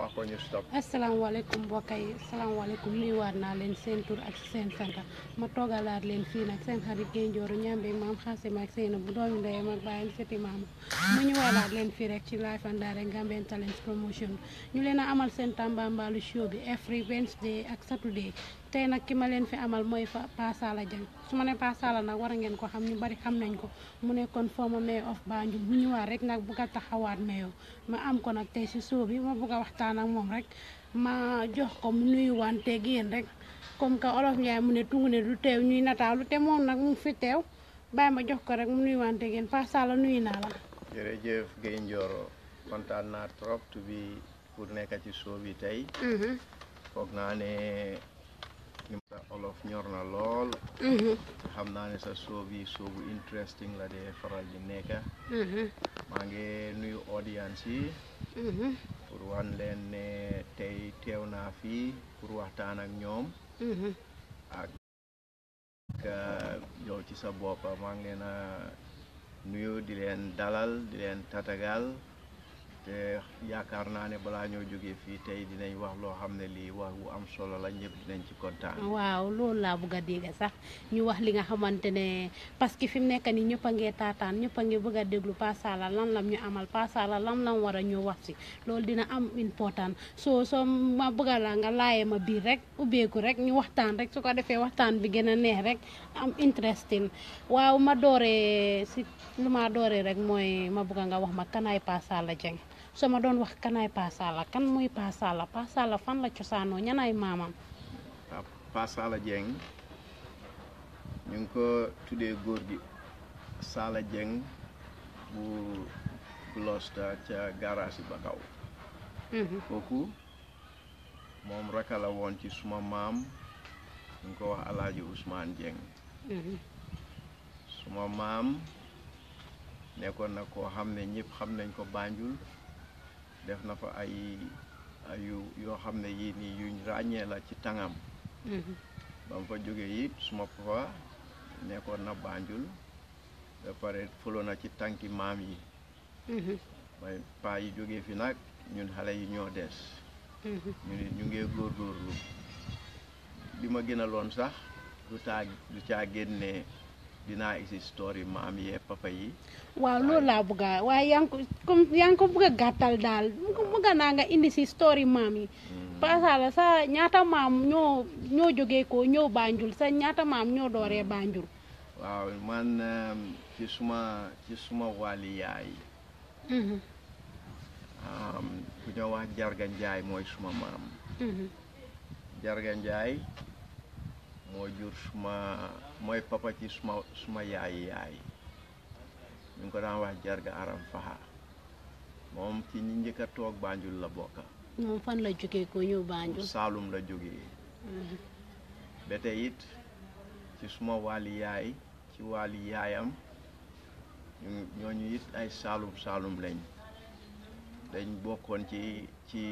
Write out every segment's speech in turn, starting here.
maa ko ñu stop asalaamaaleykum mbokk yi asalaamaaleykum nuyuwaat naa leen seen tur ak seen sant ma toogalaat leen fii nag seen xarit Gaynjooru ñambe maam xaasima ak seen bu doomi ndeyam ak bàyyam sëti maama mu ñu walaat leen fii rek ci live and direct Gambian Talents Promotion ñu leen a amal seen Tambambalu show bi every Wednesday ak Saturday tey nag ki ma leen fi amal mooy Pa Sala Dieng su ma ne Pa nag war ngeen ko xam ñu bari xam nañ ko mu nekkoon former mayor of Banjul mu ñëwaat rek nag bugg a taxawaat mayor ma am ko nag tey si show bi ma bugg waxtaan ak moom rek ma jox ko mu wante yéen rek comme que olof Njaay mu ne tungu ne du teew ñuy nataalu te moom nag mu fi teew bàyyi ma jox ko rek mu nuyuwanteeg yéen Pa Sala nuyu naa la. jërëjëf Gaye Njoro kontaan naa trop to bi pour nekk ci show bi olof ñor mm-hmm. eh. mm-hmm. mm-hmm. na lool xam naa ne sa soobi soobu interesting la dee faral di nekk maa ngi nuyu audience yi pour wan leen ne tey teew naa fii pour waxtaan ak ñoom ak yow ci sa boppa maa ngi leen nuyu di leen dalal di leen tatagal ya naa ya ya ne balaa ñoo jógee fii tey dinañ wax ne lii wax wu am solo la ñëpp dinañ ci kontaan. waaw loolu laa bëgg dégg sax ñu wax li nga xamante ne parce que fi mu nekk nii ñëpp a ngi taataan ñëpp bëgg a déglu pasala lan lam ñu amal pasala lam lam wara a ñu wax di loolu dina am important so so ma bëgg a la nga laayee ma bi rek ubbeeku rek ñu waxtaan rek su ko defee waxtaan bi neex rek am interesting waaw ma dooree si lu ma rek moy ma bëgg nga wax ma kanaay pasala jeng soma don wax kanay pasala kan muy pasala pasala fan la cosaanoo ñanay mamam pasala jeng ñu ko tuddee gor gi sala jeng bu gloucester ca garage ba kaw mm -hmm. kooku moom raka la ci suma mam ñu ko wax alaaji ousmane jeng mm -hmm. suma mam nekon na ko xamne ñepp xamnañ ko banjul def na fa ay yu yoo xam mm-hmm. ne yii nii yuñ ràññee la ci tangam ba mu fa jógee it suma papa nekkoon na banjul ba pare fulo na ci tànki maam yi may mm-hmm. paa yi jógee fi nag ñun xale yi ñoo des mm-hmm. ñu ne ñu ngee góorgóorlu li ma gënaloon sax du taa du caa génnee dinaa isi story maam yee papa yi. waaw loolu laa bëgg waaye yaa ko comme yaa ngi ko bëgg a naa nga indi si story maam yi. Mm. pasaala sa ñaata maam ñoo ñoo ko ñëw Banjul sa ñaata maam ñoo dooree Banjul. waaw man um, ci suma ci suma yaay. bu mm-hmm. um, ñoo wax Jarga mooy suma maam. Mm-hmm. Jarga moo jur suma mooy papa ci suma suma yaay yaay ñu ngi ko daan wax jarga aram faxa moom ci ñi njëkk a toog Banjul la bokka moom fan la jógee ko ñëw Banjul Saalum la jógee mm-hmm. ba tey ci suma wàlli yaay ci wàlli yaayam ñooñu it ay Saalum Saalum lañ dañ bokkoon ci ci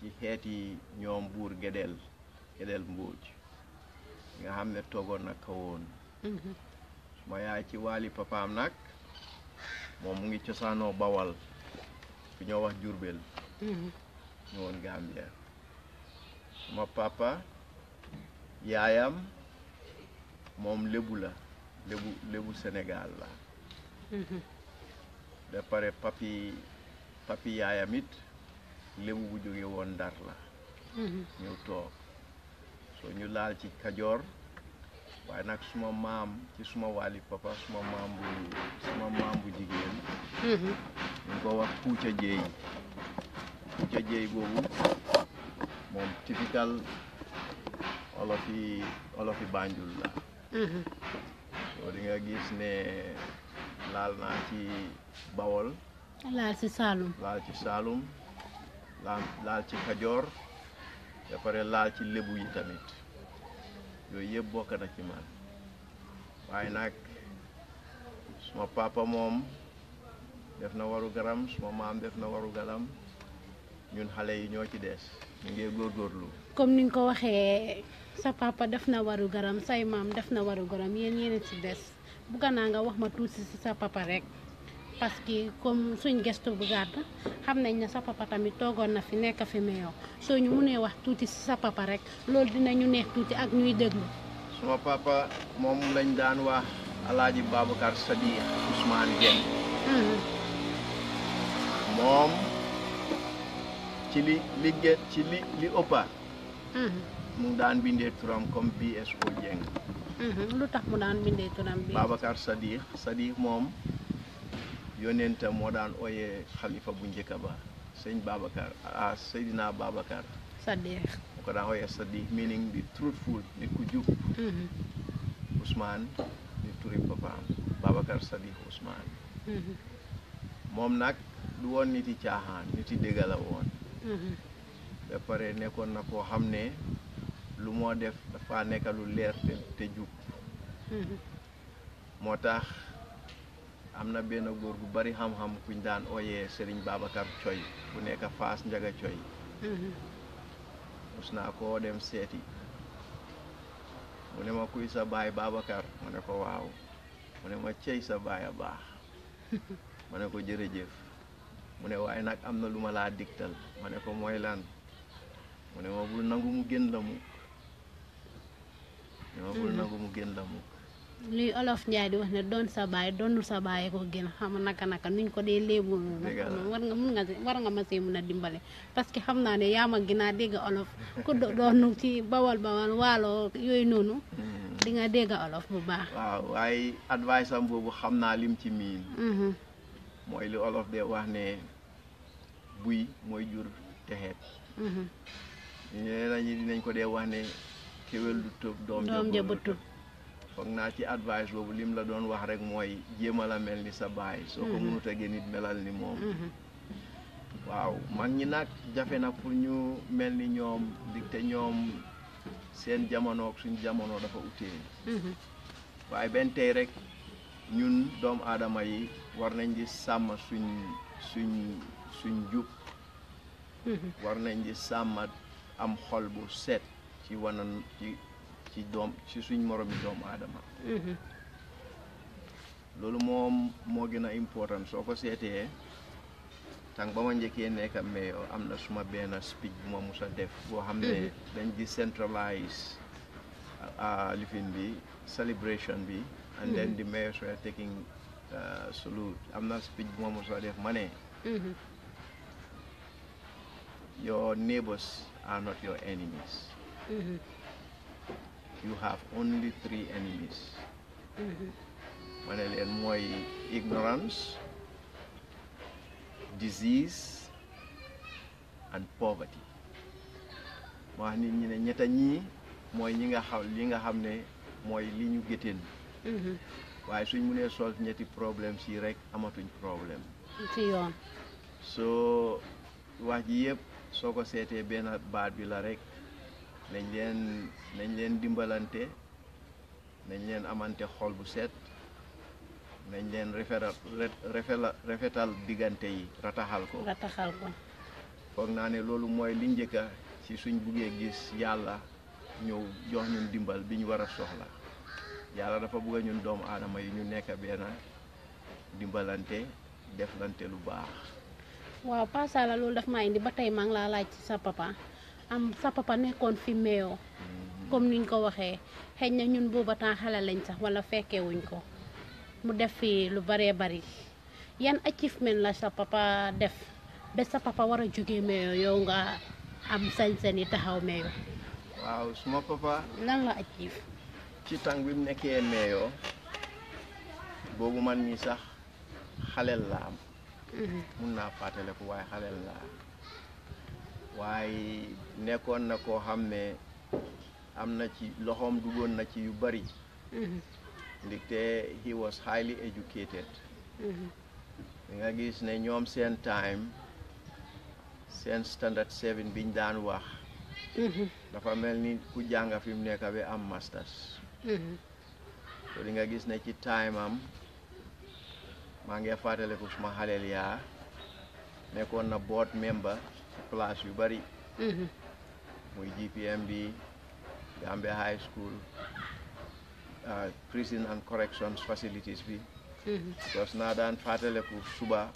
ci xeeti ñoom buur Gédéel Gédéel Mbuuj nga xam ne toogoon na ko woon mhm. yaay ci waali papaam nag moom mu ngi cosaanoo bawal fi ñoo wax jurbel mhm. ñu woon Gambia suma yaayam moom lébu la lébu lébu Sénégal la da mhm. pare papi papi yaayam it lébu bu jóge woon Ndar la ñëw toog so ñu laal ci kajoor waaye nag suma maam ci suma wàlli papa suma maam bu suma maam bu jigéen mm-hmm. ñu ko wax kuuca jeey kuuca jeey boobu moom typical olofi olofi Banjul la soo mm-hmm. di gis ne laal naa ci Bawol laal ci Saalum laal laal ci Kajoor ba pare laal ci lébu yi tamit yooyu yëpp bokk na ci man waaye nag suma papa moom def na waru garam suma maam def na waru garam ñun xale yi ñoo ci des ñu ngi góorgóorlu comme ni nga ko waxee sa papa def na waru garam say maam def na waru garam yéen yéen ci des bugga naa nga wax ma tuuti si sa papa rek Paski, kom comme suñ gesto bu gàtt xam nañ ne sa papa tamit toogoon na fi nekk fi meyo soo ñu munee wax tuuti si sa papa rek loolu dinañu neex tuuti ak ñuy déglu suma papa moom lañ daan wax alaaji babacar sadi ousmane gen mhm. moom ci li ligge ci li li ëppa mhm. mu daan bindee turam comme bso jeng mhm. lu tax mu daan bindee turam bi babacar sadi sadi moom yonenta moo daan ooyee xalifa bu njëkk ba sëñ Babacar ah Seydina Babacar. Saddiq mu ko daan ooyee Saddiq meaning the truthful nit ku jub. Mm-hmm. Ousmane di turi papaam Babacar Saddiq mm-hmm. moom nag du woon nit yi caaxaan nit yi dégg la woon. Mm-hmm. ba pare nekkoon na koo xam ne lu moo def dafa nekk lu leer te jub. moo tax. am na benn góor gu bari xam-xam kuñ daan ooyee Serigne Babacar Coy bu nekk Faas Njaga Coy mus naa koo dem seeti mu ne ma kuy sa baay Babacar mu ne ko waaw mu ne ma cey sa baay a baax ma ne ko jërëjëf mu ne waaye nag am na lu ma laa digtal ma ne ko mooy mu ne ma bul nangu mu gën la mu ne ma bul mm-hmm. nangu mu gën la mu li olof Njaay di wax ne doon sa baay doonul sa baay ko gën xam naka naka nuñ ko dee léeboo noonu war nga mun war nga ma see mun a dimbale parce que xam naa ne yaa ma gën a dégg olof ku ci bawal bawal waalo yooyu noonu hmm. di nga dégg olof bu baax waaw waaye advice am xam naa lim ci miin mm-hmm. mooy li olof de wax ne buy mooy jur texeet mm-hmm. ñu ne ko dee wax ne kéwél du tëb doom ja bu foog ci advice bobu lim la doon wax rek moy jema melni mel sa bay soko ko mhm. tege nit melal ni mom mhm. waaw mag ñi nak jafé nak pour ñu melni ñom ñoom dig seen jamono ak suñu jamono dafa utee mhm. waye ben tay rek ñun doom adama yi war nañ di sam suñ suñ suñ war nañ di sam am xol bu set ci wanan ci ci dom ci suñ morom yi doomu aadama mhm. loolu moom moo gën a important soko sété tang bama ñëké nek am mais amna na suma ben speech bu ma a def boo xam mhm. decentralize living bi celebration bi and then mhm. the mayors were taking uh, salute amna speak speech bu ma def mané your neighbors are not your enemies mm -hmm. you have only three enemies manele ne leen ignorance disease and poverty ma ñi ne ñetta ñii mooy ñi moi xam li nga xam ne mooy li ñu géteen waaye solve ñetti problèmes yi rek amatuñ problème ci yoon soo wax ji yëpp soo ko seetee benn baat bi nañ leen nañ leen dimbalante nañ leen amante xol bu set nañ leen refela rafetal diggante yi rataxal ko rataxal ko foog naa ne loolu mooy li njëkka ci suñ buggee gis yàlla ñëw jox ñun dimbal bi ñu wara soxla yàlla dafa bugga ñun doomu aadama yi ñu nekk benn dimbalante deflante lu baax waaw paasala loolu daf maa indi ba tey maa laa laaj ci sa papa am sa papa nekkoon fi meeyoo comme niñ ko waxee xëy na ñun booba temps xale lañ sax wala fekkewuñ ko mu def fii lu baree bari yan achievement la sa papa def ba sa papa war a jóge meeyoo yow nga am sañ-sañ yi taxaw meeyoo. waaw suma papa. lan la achieve. ci tàng bi mu nekkee meeyoo boobu man mii sax xaleel la am. Mm-hmm. mun naa ko waaye xaleel la am. waaye nekkoon na koo xam ne am na ci loxoom duggoon na ci yu bari mm-hmm. ndaxte he was highly educated mm-hmm. nga gis ne ñoom seen time seen standard seven biñ daan wax mm-hmm. dafa mel ni ku jànga fi mu nekk bi am masters to di nga gis ne ci time am maa ngi fàttaliku suma xaleel yaa nekkoon na board member place yu bari mm-hmm. muy GPM bi Gambia High School uh, prison and corrections facilities bi mm-hmm. because naa daan fàttaleku suba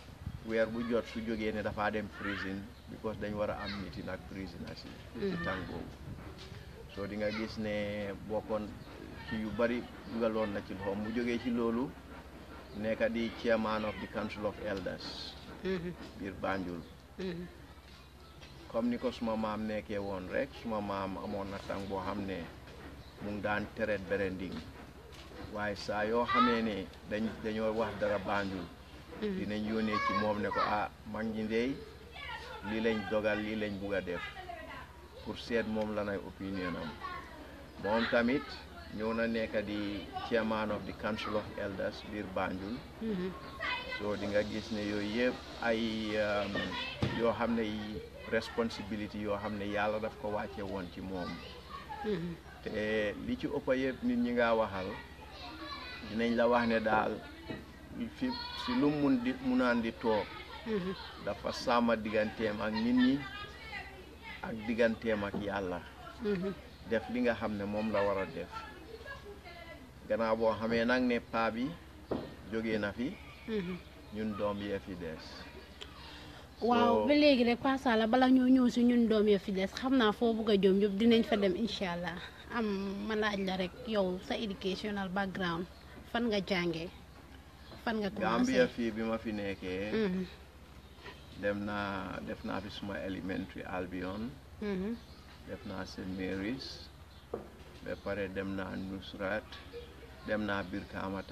weer bu jot su jógee ne dafaa dem prison because dañ war a am meeting ak prisoners yi mm-hmm. ci tàng boobu so di nga gis ne bokkoon ci yu bari dugaloon na ci loxoom mu jógee ci loolu nekka di chairman of the council of elders biir Banjul comme ni ko suma maam nekkee woon rek suma maam amoon na tàng boo xam ne mu ngi daan tereet berending waaye saa yoo xamee ne dañ dañoo wax dara Banjul mm-hmm. dinañ yónnee ci moom ne ko ah mag ñi ndey lii lañ dogal lii lañ bugg a def pour seet moom la nay opinion moom tamit ñëw na nekk di chairman di the council of biir Banjul mm-hmm. so di nga gis ne yooyu yëpp ay um, yoo xam ne responsibility yoo xam ne yàlla daf ko wàcce woon ci moom te li ci ëpp yëpp nit ñi nga waxal dinañ la wax ne daal fi si lu mun di munaan di toog dafa sàmma digganteem ak nit ñi ak digganteem ak yàlla def li nga xam ne moom la war a def gannaaw boo xamee nag ne paa bi jógee na fi ñun doom yee fi des waaw ba léegi rek pasa la bala ñoo ñëw si ñun doom ya fi des xam naa foo bugg a jëm yëpp dinañ fa dem incha allah am ma laaj la rek yow sa educational background fan nga jàngee fan nga commencé Gambia fii bi ma fi nekkee mm-hmm. dem def naa fi suma elementary Albion mm-hmm. def naa St Mary's ba pare dem naa Nusrat dem naa Birkama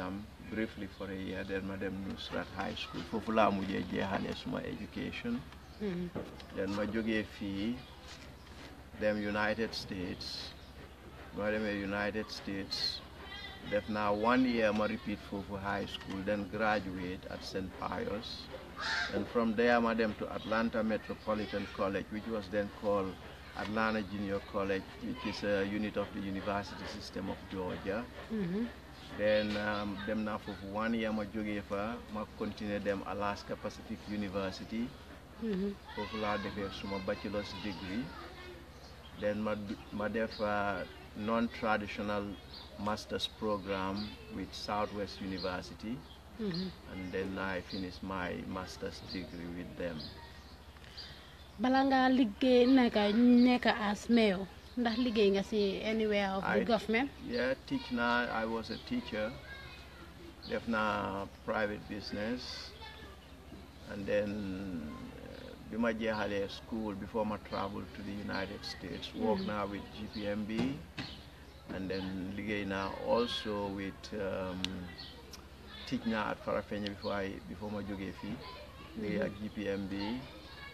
briefly for a year then madam Nusrat High School foofu laa mujjee jeexale education mm-hmm. then my jógee fii dem United States Madam United States That now one year ma repeat for high school then graduate at St. Pius and from there Madam to Atlanta Metropolitan College which was then called Atlanta Junior College which is a unit of the University System of Georgia mm-hmm then um, dem now for one year ma jógee fa ma continuer dem Alaska Pacific University. Mm-hmm. foofu laa defee suma bachelor's degree. then ma ma def non traditional master's program with Southwest University. Mm-hmm. and then I finished my master's degree with them. Balanga ngaa liggéey nekk as mayor ndax liggéey nga si anywhere of the government. yeah teach naa I was a teacher def naa private business and then uh, bi ma jeexalee school before ma travel to the United States. work mm-hmm. naa with GPMB and then liggéey naa also with um, teach naa at Farafena before I before ma jógee fii liggéey mm-hmm. ak GPMB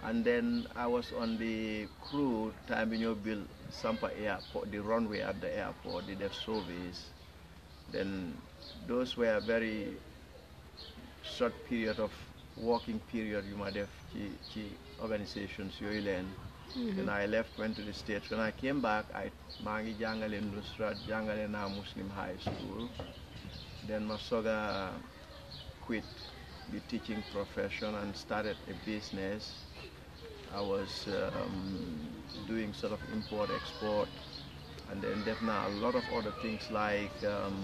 and then I was on the crew your build, Sampa Airport, the runway at the airport, did a service. Then those were a very short period of working period you might have key, key organizations you learn. Mm -hmm. Then I left, went to the States. When I came back, I mangi jangale Nusrat, in our Muslim high school. Then Masoga quit the teaching profession and started a business. I was um, doing sort of import export and then definitely a lot of other things like um,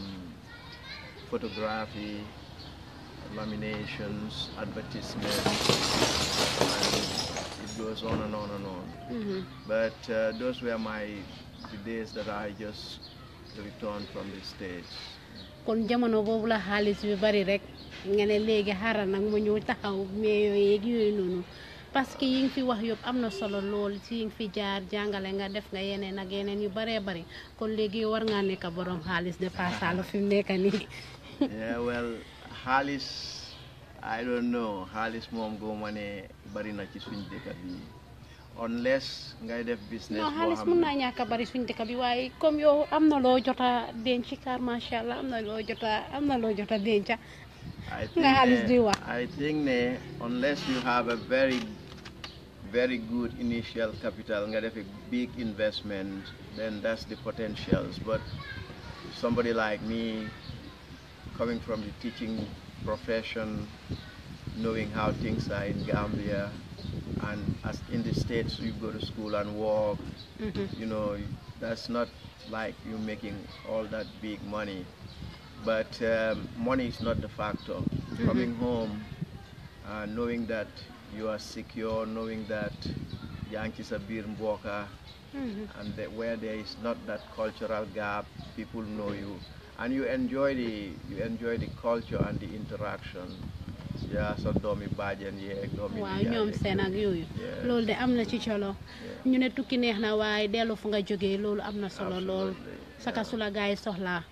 photography, laminations, advertisements, and it goes on and on and on. Mm -hmm. But uh, those were my the days that I just returned from the States. kon jamono boobu la xaalis bi bari rek nga ne léegi xaaral nag ma ñëw taxaw mais yooyu yeeg yooyu noonu parce que fi wax solo ci fi jaar jàngale nga def nga ak yu kon war borom de fi well xaalis I don't know xaalis moom gooma ne bari na ci dëkk bi unless ngay def business. No xaalis mun naa ñàkk bari suñ dëkk bi waaye comme yow am na loo jot a allah I think ne unless you have a very very good initial capital And def a big investment then that's the potentials but somebody like me coming from the teaching profession knowing how things are in Gambia and as in the States you go to school and work mm-hmm. you know that's not like you making all that big money but um, money is not the factor mm -hmm. coming home uh, knowing that you are secure knowing that Yankee Sabir Mboka, mm -hmm. and that where there is not that cultural gap, people know you, and you enjoy the you enjoy the culture and the interaction. yaa sa doomi baajen yeeg doomi waaw ñoom seen ak yooyu loolu de am na ci colo ñu ne tukki neex na waaye dellu fu nga jógee loolu am na solo lol saka su la gars yi soxlaa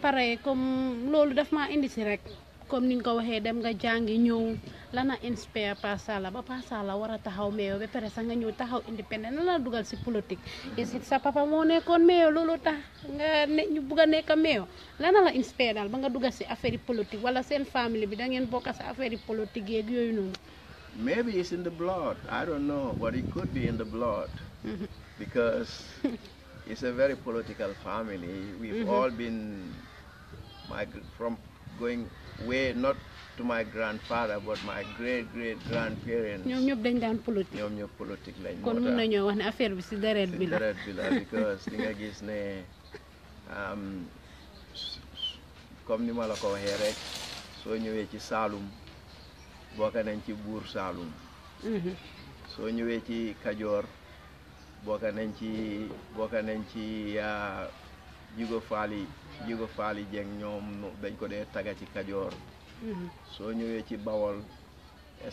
pare comme loolu daf maa indi si rek comme ni ko waxee dem nga jàngi ñëw inspire ba dugal politique is it sa papa tax nga ñu nekk la inspire ba nga dugal affaire politique wala bi da ngeen bokk affaire politique maybe it's in the blood. I don't know, but it could be in the blood mm-hmm. because it's a very political family. We've mm -hmm. all been from going way not to my grandfather but my great great grandparents ñom ñop dañ daan politique ñom ñop politique lañ kon mën nañu wax ne affaire bi ci deret bi la deret bi la because li nga gis né um comme ni ma la ko waxé rek so ñëwé ci Saalum bokk nañ ci bour buur hmm so ñëwé ci Kadior bokk nañ ci bokk nañ ci ya jigo Fali jigo Fali jeng ñom dañ ko dé taga ci Kajoor So ñëwee ci Bawol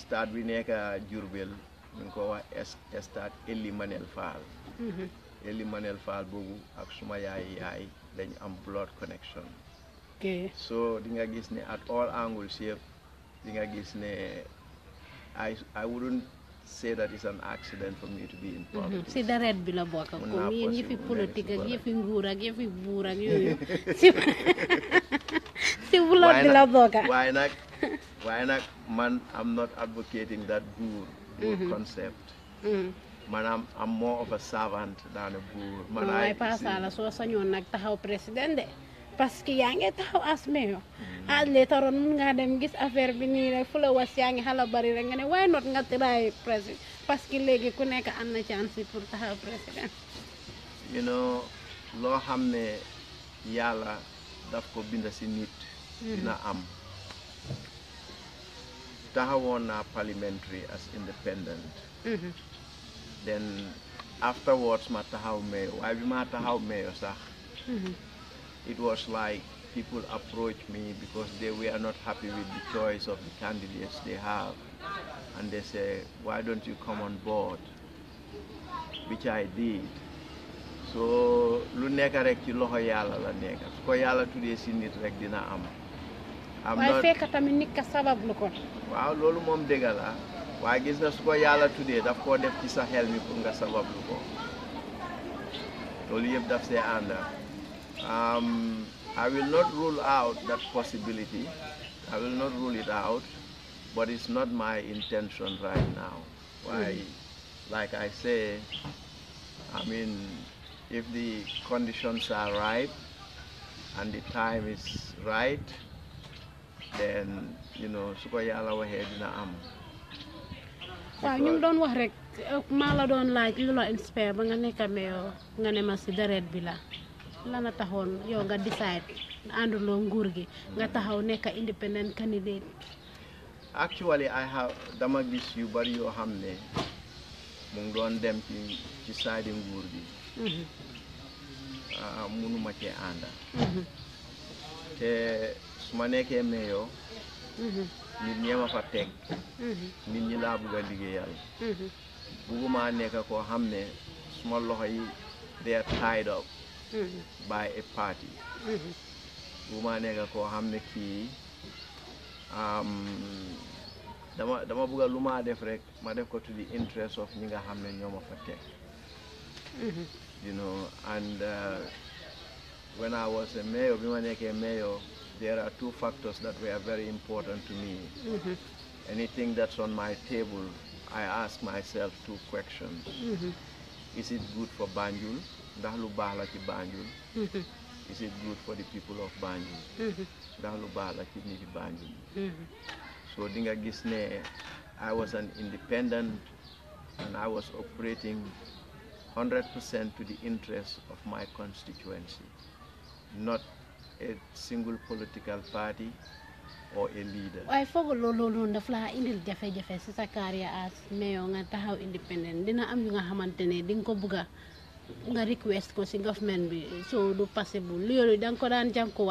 stade bi nekk Jurbel ñu ngi ko wax stade Ely Manel Fall mhm. Ely Manel Fall boobu ak suma yaay yaay dañ am blood connection Okay. so di nga gis at all angles yëpp di nga gis ne I I wouldn't say that it's an accident for me to be in mhm. politics. si bi la bokk ak comme yéen yëfi politique ak yëfi nguur ak yëfi buur ak yooyu si buloot bi la bokk waaye nag nag man am not advocating that buur mhm. concept mhm. maanaam am more of a servant than a buur man ay paasa la soo sañoon nag taxaw président de parce que yaa ngi asme yo mm. ah leetaroon mun nga dem gis affaire bi nii rek fu was bari rek nga ne waaye not nga try président parce que léegi ku nekk am na chance pour taxaw président you know lo xam ne yàlla daf ko bind si nit mm. dina am taxawoon parliamentary as independent mm-hmm. then afterwards ma taxaw mayo waaye bi ma taxaw mayo sax mm-hmm. it was like people approached me because they were not happy with the choice of the candidates they have. And they say, why don't you come on board? Which I did. so lu nekk rek ci loxo yàlla la nekk su ko yàlla tuddee si nit rek dina am. am na waaye fekk tamit nit ka sabab lu ko. waaw loolu moom dëgg la waaye gis na su ko yàlla tuddee daf koo def ci sa xel mi pour nga sabab lu ko loolu yëpp daf ànda. Um, I will not rule out that possibility. I will not rule it out, but it's not my intention right now. Why, hmm. like I say, I mean, if the conditions are right and the time is right, then you know su ko yàlla waxee dina am. waaw ñu ngi doon wax rek maa la doon laaj lu la inspire ba nga nekk a meeyoo nga ne ma si deret bi la. lan a taxoon nga decide andulo nguur gi nga taxaw nek independent candidate actually I have dama gis yu bari yo xamne mo ngi dem ci ci saadi nguur gi mhm. ah, ma ci anda. Mhm. te suma neke meyo mhm. nit ñee ma fa tek nit ñi laa bugg liggéeyal bugguma nekk koo xam suma loxoy they are tied up Mm-hmm. by a party bu ma nekk hamneki. xam dama dama buga a lu ma def ma to the interest of nga xam mm-hmm. you know and uh, when I was a mayor bi ma nekkee mayor there are two factors that were very important to me mm-hmm. anything that's on my table I ask myself two questions is it good for Banjul ndax lu baax la ci Banjul is it good for the people of Banjul ndax lu baax la ci nit Banjul so di nga gis ne I was an independent and I was operating 100% to the interests of my constituency, not a single political party or a leader. waaye foog loolu noonu daf laa indil jafe-jafe si sa carrière as mayor nga taxaw independent dina am yu nga xamante ne di ko bugg nga request ko si government bi so possible ko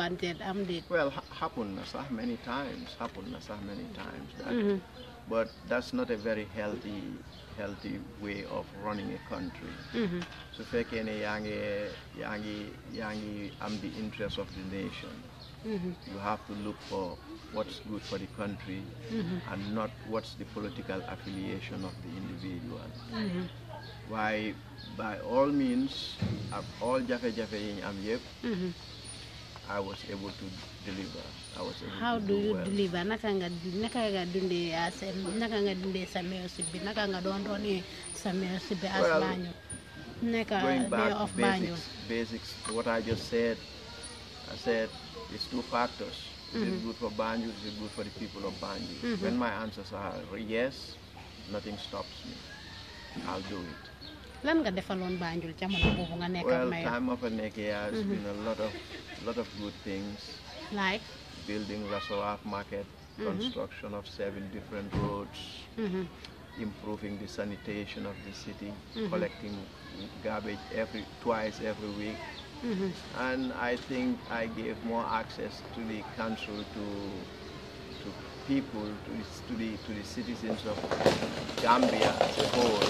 am well happen na sax many times happen na many times. Mm-hmm. but that's not a very healthy healthy way of running a country. Mm-hmm. So, fekkee ne yaa ngi yaa ngi yaa am the interest of the nation. Mm-hmm. you have to look for what's good for the country. and not what's the political affiliation of the individual. why by all means ak all jafe-jafe yi ñu am yëpp. Mm-hmm. I was able to deliver. I was able How to do, do you well. deliver? Naka nga naka nga dundee naka nga dundee sa meelsi bi naka nga doon doonee sa meelsi bi as Banjul. Naka mayor of Banjul. Basics, basics. What I just said, I said it's two factors. Is mm -hmm. it mm-hmm. good for Banjul? Is it good for the people of Banjul? Mm -hmm. When my answers are yes, nothing stops me. I'll do it lan nga Banjul jamono nga ak well time of a nekkee has mm-hmm. been a lot of lot of good things like building Rasoaf market mm-hmm. construction of seven different roads mm-hmm. improving the sanitation of the city collecting garbage every twice every week and I think I gave more access to the council to people, to, to, the, to the citizens of Gambia as a whole.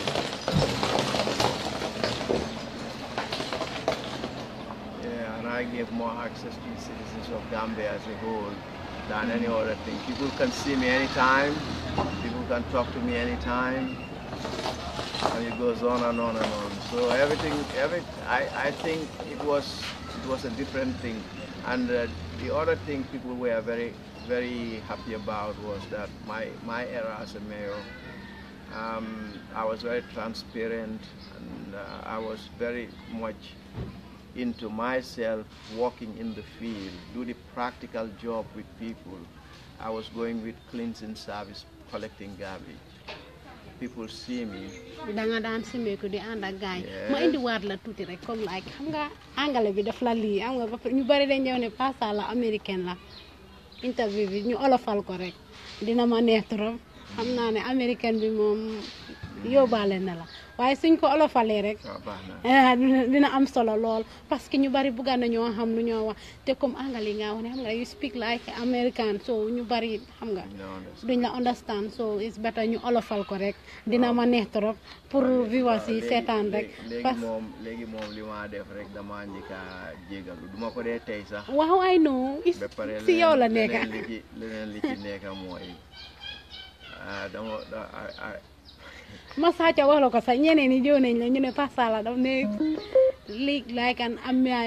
Yeah, and I give more access to the citizens of Gambia as a whole than any other thing. People can see me anytime, people can talk to me anytime, and it goes on and on and on. So everything, every, I, I think it was, it was a different thing. And uh, the other thing, people were very very happy about was that my, my era as a mayor, um, I was very transparent and uh, I was very much into myself Working in the field, do the practical job with people. I was going with cleansing service, collecting garbage. People see me. da nga daan semeeku di ànd ak gaañ ma indi waat la tuuti rek comme like xam nga angale bi daf la lii am nga ba ñu bari dañ ñëw ne pas la American la interview bi ñu olofal ko rek dina ma neex trop xam naa ne américaine bi moom yóbbaale na la waye suñ ko olofalee rek ah, eh, dina am solo lol parce que ñu bari buggaan nañoo xam lu ñoo wax té comme anglais nga wax xam nga you speak like American so ñu bari xam nga duñ la understand so it's better ñu olofal ko rek dina ah. ma neex trop pour vivre ci sétan rek parce que moom léegi moom li ma def rek dama njëkka jégalu duma ko dé tay sax waaw I know ci yow la nekka leneen li ci moy ah dama ne speak like an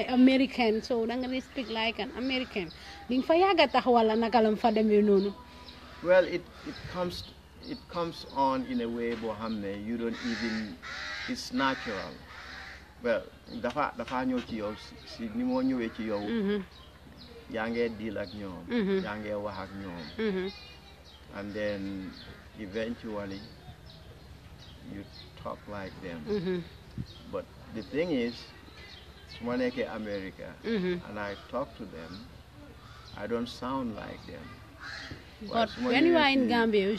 American so speak like an American wala fa well it it comes it comes on in a way Bohamne. you don't even it's natural well dafa dafa the ci yow si ni moo ñëwee ci yow. Mm-hmm. yaa ngee deal ak ñoom. Mm-hmm. yaa ngee wax ak ñoom. Mm-hmm. and then eventually you talk like them. Mm -hmm. But the thing is, Swaneke America, mm -hmm. and I talk to them, I don't sound like them. But when you are in Gambia,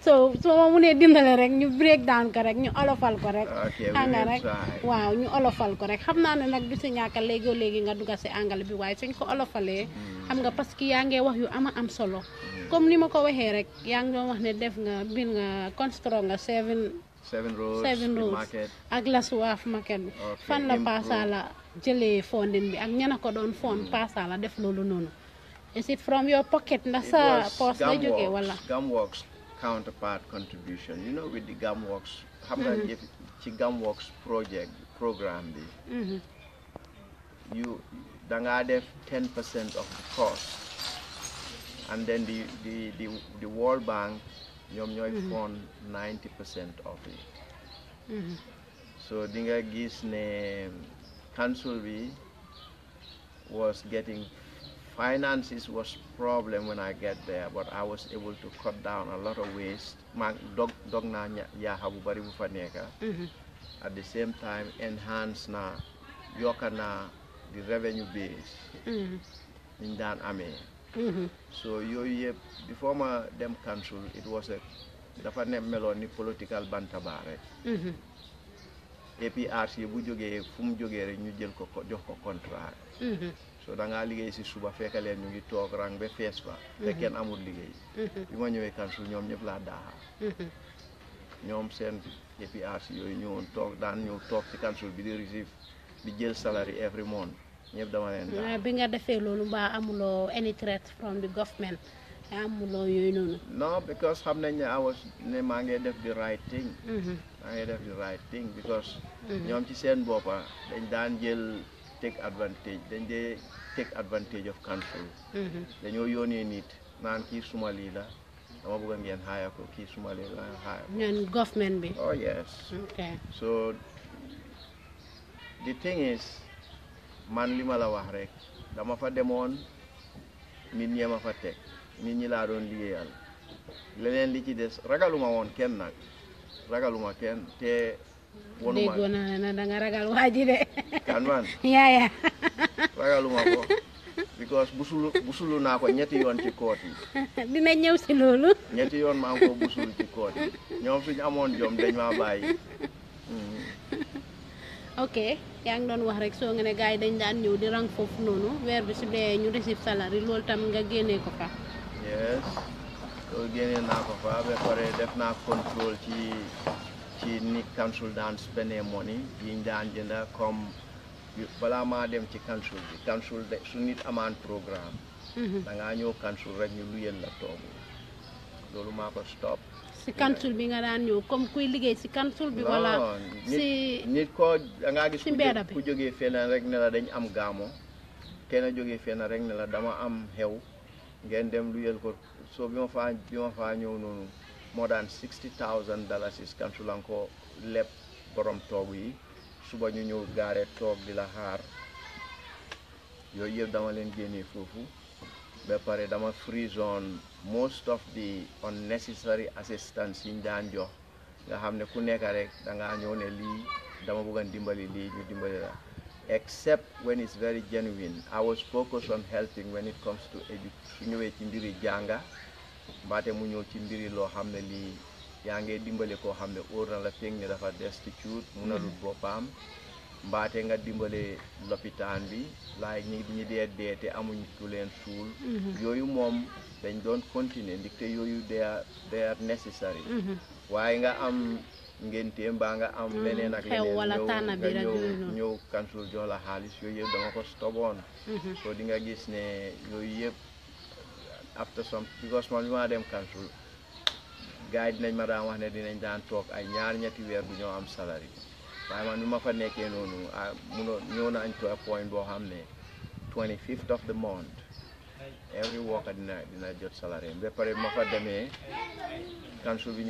so so ma mënee dindale rek ñu break down rek ñu olofal ko rek. xam waaw ñu ko rek xam naa ne nag du si ñàkk léegi léegi nga dugg si anglais bi waaye suñ ko olofalee. Hmm. xam nga parce que yaa ngi wax yu ama am solo. Hmm. comme ni ma ko waxee rek yaa ngi doon wax ne def nga biir nga construire nga seven. roads ak la suwaaf market fan la paasa la. jëlee fondin bi ak ñana ko doon fond hmm. la def loolu noonu is it from your pocket ndax sa poos la jógee wala Gamworks counterpart contribution you know with the Gamworks xam nga hmm. ci Gamworks project programme bi hmm. you da ngaa def 10 percent of the cost and then the the the, the World Bank ñoom ñooy fond 90 percent of it so di nga gis ne B was getting finances was problem when I get there, but I was able to cut down a lot of waste. Mm-hmm. At the same time, enhance na yoka na the revenue base. Mm -hmm. In that I Mm -hmm. So you yep before my them council, it was a the ne melon ni political et puis archive bu joggé fu mu jógee rek ñu jël ko jox ko contrat mm-hmm. so da nga liggéey si suba fekka leen ñu ngi tok rang ba fees fa te amul liggéey bi ma kan su ñoom ñëpp laa daaxa ñoom seen yoy ñu ñëwoon tok daan ñu tok ci kansul bi di receive di jël salary every month ñëpp dama leen daaxa bi nga défé lolu mbaa amulo any threat from the government No, because xam I was ne maa def the right thing. I mm-hmm. ngi def the right thing because. Mm-hmm. ñoom ci seen then dañ daan take advantage Then they take advantage of council. Then mm-hmm. you only need man. suma sumali la going to ngeen xaaya higher kii suma sumali la xaaya ko. government be. oh yes. okay so the thing is man lima la wahrek. dama fa demoon nit ñee fa ni ñi laa doon liggéeyal leneen li ci des ragaluma woon kenn nag ragaluma kenn te wonuma déggoon naa na da nga ragal waaji de kan man yaaya ragaluma ko because busulu busulu naa ko ñetti yoon ci koot yi dina ñëw si loolu ñetti yoon maa ko busul ci koot yi ñoom suñu amoon jom dañ maa bàyyi ok yaa ngi doon wax rek soo nga ne gars yi dañ daan ñëw di rang foofu noonu weer bi su dee ñu receive salari loolu tam nga génnee ko fa yes loolu génne naa ko fa ba pare def naa contrôle ci ci ni council daan spendee money yiñ daan jënda comme balaa maa dem ci council bi council su nit amaan programme mhm. da ñëw council rek ñu luyel si council bi nga daan ñëw comme kuy liggéey si council bi wala si nit ko da ngaa gis ku jógee fenn rek ne dañ am gaamo kenn jógee fenn rek ne la dama am xew ngeen dem lu yel ko so bi ma faa bi ma faa ñëw noonu moo daan sixty thousand dalasis kansulan ko lépp borom toog yi suba ñu ñëw gaare toog di la xaar yooyu yëpp dama leen génnee foofu ba pare dama freeze on most of the unnecessary assistance yi ñu daan jox nga xam ne ku nekk rek da ngaa ne lii dama bëgg a dimbali lii ñu dimbali la except when it's very genuine I was focused on helping when it comes to edu su ñëwee ci mbiri jànga mbaate mu ñëw ci mbiri loo xam ne lii yaa ngee dimbale koo xam ne óor na la feeg ne dafa destitute mënalut mm-hmm. boppam mbaate nga dimbale lopitaan bi laay ñi ñi dee dee te amuñ ku leen suul mm-hmm. yooyu moom dañ doon continuer ndigte yooyu they are they are necessary mm-hmm. waaye nga am ngénte baa nga am mm, leneen ak leneen wala tànn bi rek yooyu noonu ñëw kansul jox la xaalis yooyu yëpp dama ko stopoon mm-hmm. soo di nga gis ne yooyu yëpp after some because man bi maa dem kansul gars dinañ ma daan wax ne dinañ daan toog ay ñaar ñetti weer du ñoo am salari waaye man bi ma fa nekkee noonu ah munoo ñëw nañ a point boo xam ne 25th of the month every worker night dina jot salary ba pare ma fa demee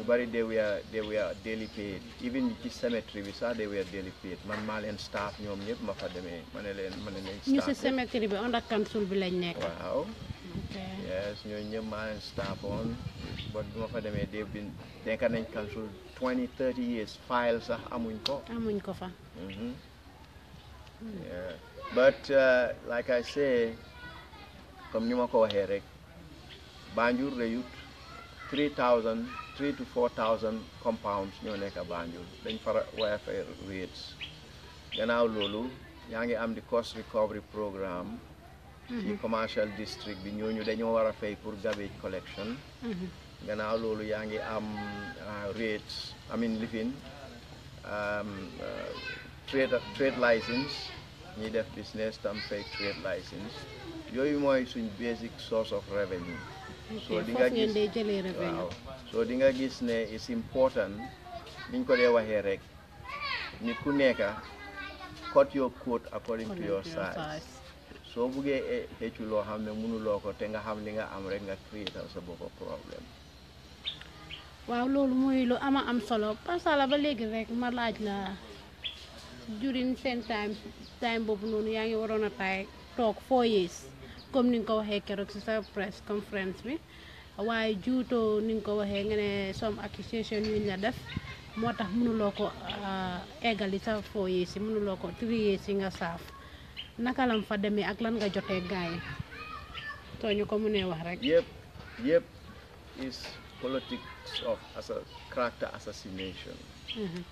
bari they were they were daily paid even ci cemetery we saw they were daily paid man maa staff ñoom ñëpp ma fa demee staff ñu si eh. cemetery bi under council bi lañ nekk waaw yes ñooñu ñëpp maa staff on but ma fa eh, they've been nekk nañ council 20 30 years Files, sax amuñ ko amuñ ko fa mm-hmm. mm. yeah but uh, like I say comme ni ma ko waxee reyut 3000 to 4000 compounds ñoo nekk Banjul dañ fara rates gannaaw loolu yaa am the cost recovery programme ci mm-hmm. commercial district bi ñooñu dañoo war a garbage collection gannaaw loolu yaa am uh, rates mean living um, uh, trade trade license need def business tam fay trade license yooyu mooy suñ basic source of revenue soo di nga gis waaw soo di dinga gis ne it's important niñ ko dee waxee rek nit ku nekka cut your coat according to your size soo buggee xëccu e-, loo xam ne mënuloo ko te nga xam ni nga am rek nga créé sa bopp problème waaw loolu muy lu ama am solo parce que ba léegi rek ma laaj la during seen time boobu noonu yaa ngi waroon a taay toog four years comme ni nga ko waxee keroog sa press conference bi waaye juutoo ni nga ko waxee nga ne some accusation yuñ la def moo tax mënuloo ko ah, eggali sa foo yées yi mënuloo ko tri nga saaf naka fa demee ak lan nga jotee gaay soo ñu ko mënee wax rek yëpp yëpp is politics of as a character assassination mm-hmm.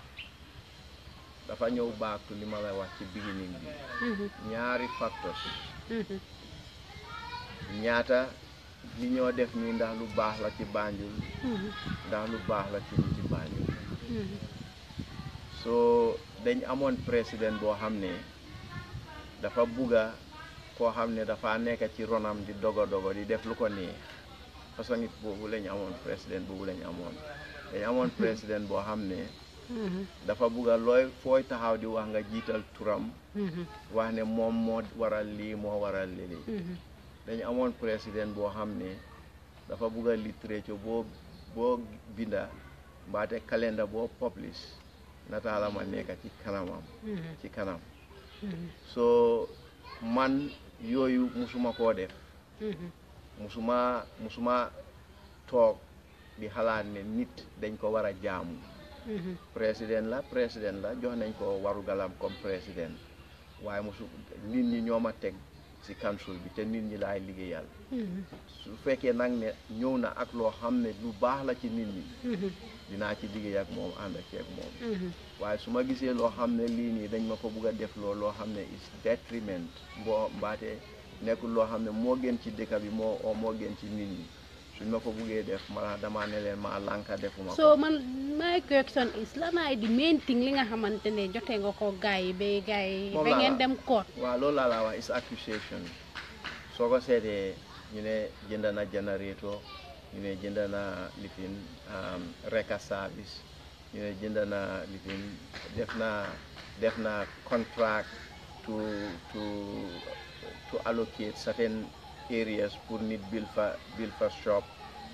dafa ñëw baak li ma lay wax ci beginning bi mm-hmm. ñaari factors mm-hmm. ñaata li ñoo def nii ndax lu baax la ci Banjul mm-hmm. ndax lu baax la ci ci Banjul mm-hmm. soo dañ amoon président boo xam ne dafa bugga koo xam ne dafa nekk ci ronam di dogo dogo di def lu ko neex façon it boobu lañ amoon président boobu lañ amoon dañ amoon mm-hmm. président boo xam ne dafa bugg a looy foo taxaw di wax nga jiital turam wax ne moom moo waral lii moo waral lii dañu amoon président boo xam ne dafa bugga a littérature boo boo binda mbaate calendar boo publish nataala ma nekk ci kanamam mhm. ci kanam mhm. so man yooyu musuma koo def mhm. musuma musuma toog di xalaat ne nit dañ ko war a jaamu président la président la jox nañ ko waru galam comme président waaye musu nit ñi ñoo ma teg si council bi te nit ñi laay liggéeyal mhm. su fekkee nag ne ñëw na ak loo xam ne lu baax la ci nit ñi mhm. dinaa ci liggéey ak moom ànd ak ceeg moom mhm. waaye su ma gisee loo xam ne lii nii dañ ma ko bugg a def loolu loo xam ne is detriment mboo mbaate nekkul loo xam ne moo gën ci dëkk bi moo moo gën ci nit ñi suñ ma ko buggee def ma damaa ne leen ma lànka defuma ko. so man my question is lan ay di main thing li nga xamante ne jotee nga ko gars yi ba gars yi. ba ngeen dem court. waaw loolu laa la wax is accusation soo ko seetee ñu ne jënd na generator ñu ne jënd na lifin um, reka service ñu ne jënd na lifin def na def na contract to to to allocate certain. areas pour nit bil fa bil fa shop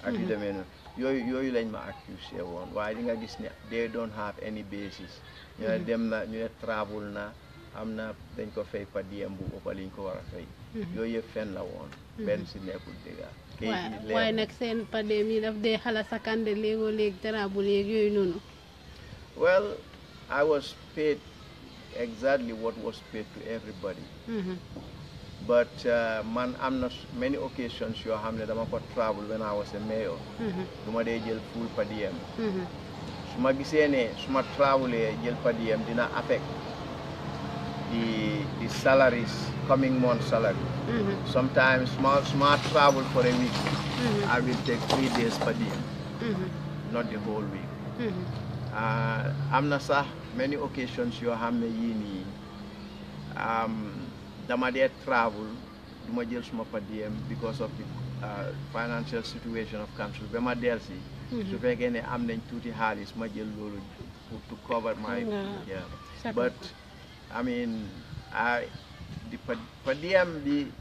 ak yu mhm. demee noonu yooyu yooyu lañ ma accusé woon waaye di nga gis they don't have any basis ñu mhm. dem na ñu travel na am dañ ko fay pa diem bu ëppa liñ ko war fay mhm. yooyu yëpp fen la woon benn si nekkul dëgga waaye nag seen pa daf dee xala sakande léegoo léegi travel yeeg yooyu noonu well I was paid exactly what was paid to everybody but uh, man am not many occasions yoo xam ne dama ko travel when I was a mayor. Mm-hmm. du ma dee jël full per diem. Mm-hmm. su ma gisee ne su ma travelee jël per diem dina affect the the salaries coming month salary. Mm-hmm. sometimes small small travel for a week. I will take three days per diem. not the whole week. Uh, am na sax many occasions yoo xam ne yii Um dama dee travel du ma jël suma per diem because of the uh, financial situation of country ba ma del si mm-hmm. su fekkee ne am nañ tuuti xaalis ma jël loolu to cover my yeah but I mean I di per diem bi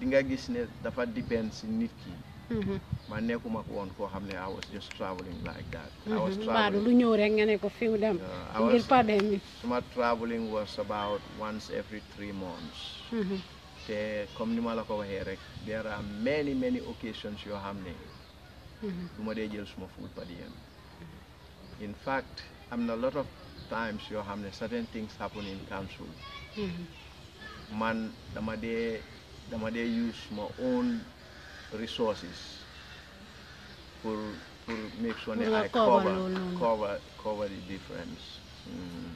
di nga gis ne dafa depend si nit ki Mm-hmm. man nekkuma ko woon koo I was just traveling like that. I was mm-hmm. traveling lu ñëw rek nga ne ko fiw dem. ngir pandémie. suma traveling was about once every three months. Mm-hmm. te comme ni ma ko waxee rek there are many many occasions yoo xam ne. du jël suma food ba di in fact am a lot of times yoo xam ne certain things happen in council. man dama dee dama dee use my own resources for for make sure we I cover, cover, cover, cover the difference. Mm.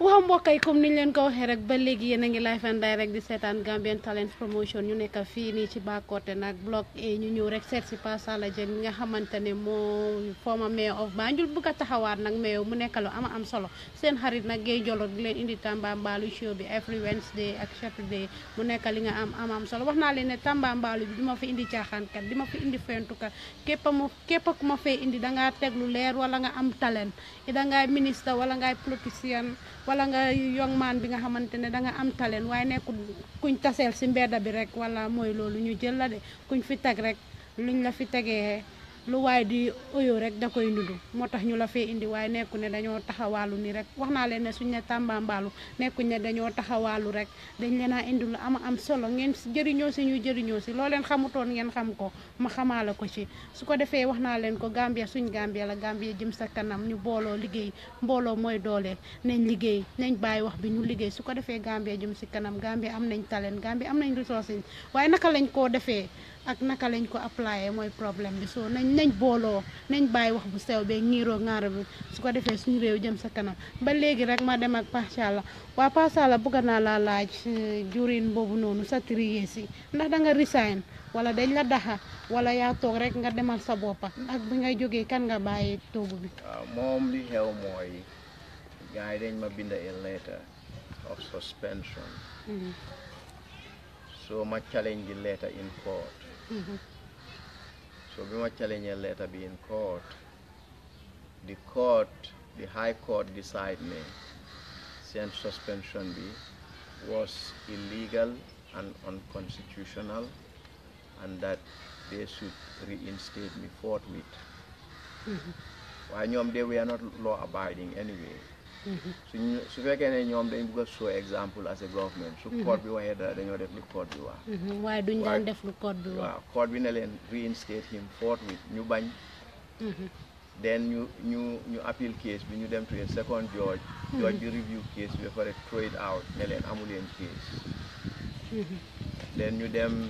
waaw mbokk yi comme niñ leen ko waxee rek ba léegi yéen a ngi live and direct di seetaan Gambian Talents Promotion ñu nekk fii nii ci Bakoteh nag bloc e ñu ñëw rek seet si Pa Sallah Jeng mi nga xamante ne moo former mayor of Banjul bëgg a taxawaat nag mayor mu nekk lu am am solo seen xarit nag Gaye Jollof di leen indi Tambambalu show bi every Wednesday ak Saturday mu nekk li nga am ama am solo wax naa leen ne Tambambalu bi dima fa indi caaxaankat dima fa indi fentukat képp mu képp ku ma fay indi dangaa teg lu leer wala nga am talent dangaa ministre wala ngaay politicien wala nga yong maan bi nga xamante ne danga am talent waaye nekkul kuñ taseel si mbedda bi rek wala mooy loolu ñu jël la de kuñ fi teg rek luñ la fi tegee lu waay di oyo rek da koy moo tax ñu la fee indi waaye nekku ne dañoo taxawaalu ni rek wax naa leen ne suñ ne tàmbaambaalu nekkuñ ne dañoo taxawaalu rek dañ leen a indi lu ama am solo ngeen jëriñoo si ñu jëriñoo si loo leen xamutoon ngeen xam ko ma xamaala ko ci su ko defee wax naa leen ko Gambia suñ Gambia la Gambia jëm sa kanam ñu mbooloo liggéey mbooloo mooy doolee nañ liggéey nañ bàyyi wax bi ñu liggéey su ko defee Gambia jëm si kanam Gambia am nañ talent Gambia am nañ ressources waaye naka lañ koo defee ak naka lañ ko appliqué mooy problème bi soo nañ nañ booloo nañ bàyyi wax bu sew beeg ñiiroo ŋaara bi su ko defee suñu réew jëm sa kanam ba léegi rek ma dem ak Pachala waa Pachala bëgg naa laa laaj eh, jurin boobu noonu sa trier si ndax danga nga resign wala dañ la daxa wala yaa rek nga demal sa boppa ak bi ngay jógee kan nga bàyyi toogu bi. waaw moom li xew mooy gars yi dañ ma bind a letter of suspension. Mm-hmm. so ma challenge letter in court. Mm-hmm. So we were challenging letter be in court. The court, the High Court decide me, sent suspension be, was illegal and unconstitutional and that they should reinstate me forthwith. Mm -hmm. they were not law abiding anyway suñu su fekkee ne ñoom dañ bëgg a example as a government su code bi waxee dara dañoo def lu code bi wax waaye duñ daan def lu code bi wax waaw code bi ne leen reinstate him forthwith ñu bañ mm-hmm. then ñu ñu ñu appeal case bi ñu dem to a second judge mm-hmm. judge bi review case bi ba pare throw it out ne leen amu leen case mm-hmm. then ñu dem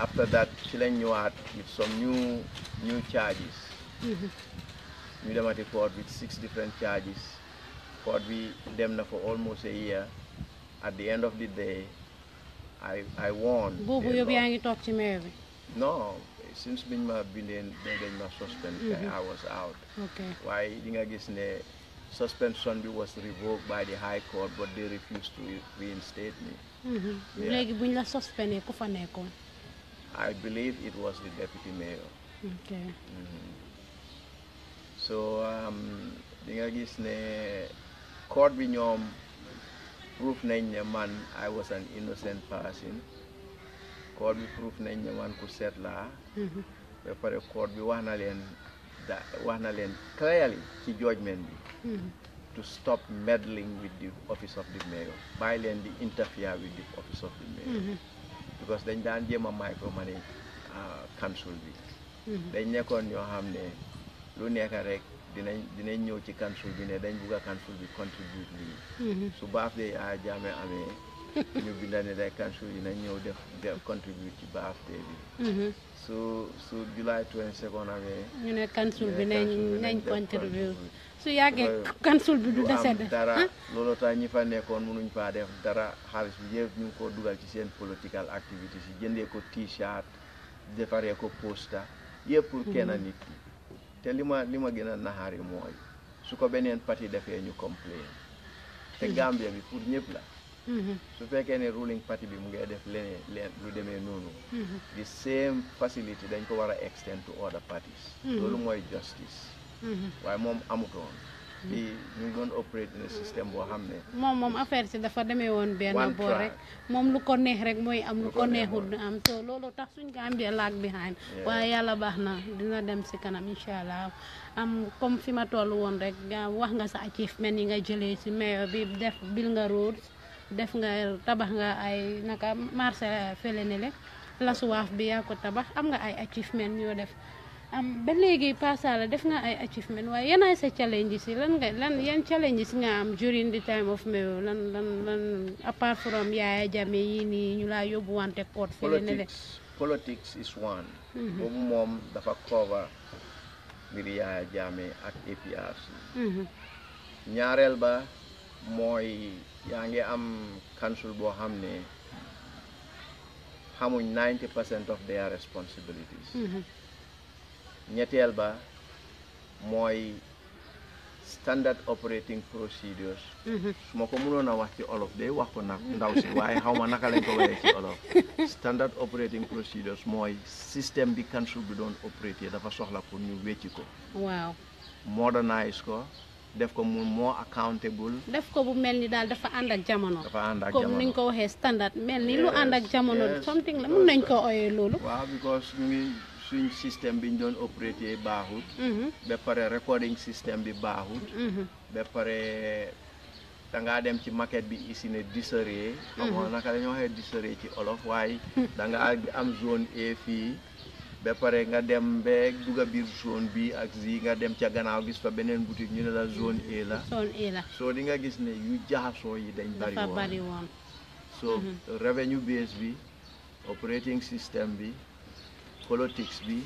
after that ci lañ ñëwaat with some new new charges ñu demati court with six different charges fought with demna for almost a year. At the end of the day, I, I won. Bubu, you being talk to me. Eh? No, since been my been my suspend, mm -hmm. I was out. Okay. Why didn't I get the suspension was revoked by the High Court, but they refused to reinstate me. Mhm. Mm -hmm. yeah. suspend, I believe it was the deputy mayor. Okay. Mm -hmm. So, um, dinga gis ne court bi ñoom proof nañ ne man I was an innocent person court bi proof nañ ne man ku seet laa mm-hmm. ba pare court bi wax na leen da wax na leen clearly ci judgment bi mm-hmm. to stop meddling with the office of the mayor bàyyi leen di interfere with the office of the mayor mm-hmm. because dañ daan jéem a micromanage uh, council bi dañ nekkoon ñoo xam ne lu nekk rek dinañ dinañ ñëw ci council bi ne dañ bugg a council bi contribute lii mhm. su baaf de yaa ah, jaame amee ñu binda ne day council yi nañ ñëw def def contribute ci baaf de bi mhm. su su July 22 amee ñu ne council bi ne nañ nañ contribute su yàggee council bi du dese de dara looloo tax ñi fa nekkoon mënuñ faa def dara xaalis bi yëpp ñu ko dugal ci seen political activities yi jëndee ko t-shirt defaree ko poster yëpp pour mhm. kenn nit ki te li ma li ma gën a naxaari mooy su ko beneen parti defee ñu complain te mhm. Gambia bi pour ñëpp la mhm. su fekkee ne ruling party bi mu ngi def leneen leen lu demee noonu mhm. the same facility dañ ko war a extend to other parties loolu mooy justice waaye moom amutoon fii ñu moom moom affaire si dafa demee woon benn boor rek moom lu ko neex rek mooy am lu ko neexul am so loolu tax suñ Gambia laag behind waaye yàlla baax na dina dem si kanam incha allah am comme fi ma toll woon rek wax nga sa achievement yi nga jëlee si mayor bi def bil nga roads def nga tabax nga ay naka marché fele ne la suwaaf bi yaa ko tabax am nga ay achievement yoo def. am ba léegi pasala def nga ay achievement waaye yan ay sa challenges yi lan nga lan yan challenges nga am during the time of Mewé lan lan lan apart from Yaya Jammeh yi nii ñu laa yóbbu wante court fële ne le politics is one mhm. boobu moom dafa cover mbir Yaya Jammeh ak APRC mhm. ñaareel ba mooy yaa ngi am council boo xam ne xamuñ 90 percent of their responsibilities mhm. ñettel ba moy standard operating procedures mhm. moko ma ko wax ci olof day wax ko nag ndaw ci waye xawma naka lañ ko wéré ci olof standard operating procedures moy système bi council bi doon opératé dafa soxla ko ñu wecci ko waaw modernize ko def ko mo accountable def ko bu mel ni dafa and ak jamono dafa and ak jamono ko niñ ko waxe standard mel ni lu and ak jamono something la mën nañ ko oyé lolu waaw because ñu ngi suñ système bi ñu doon opératé baaxut. Mhm. ba pare recording système bi baaxut. Mhm. ba pare da dem ci market bi ici ne disarrêt. Mhm. xamoo naka la ñoo waxee ci olof waaye da nga am zone A fii. ba pare nga dem ba dugg biir zone bi ak zi nga dem ca gannaaw gis fa beneen boutique ñu ne la zone A la. so A nga gis ne yu jaxasoo yi dañ. bari woon. so revenue base bi operating system bi. politics bi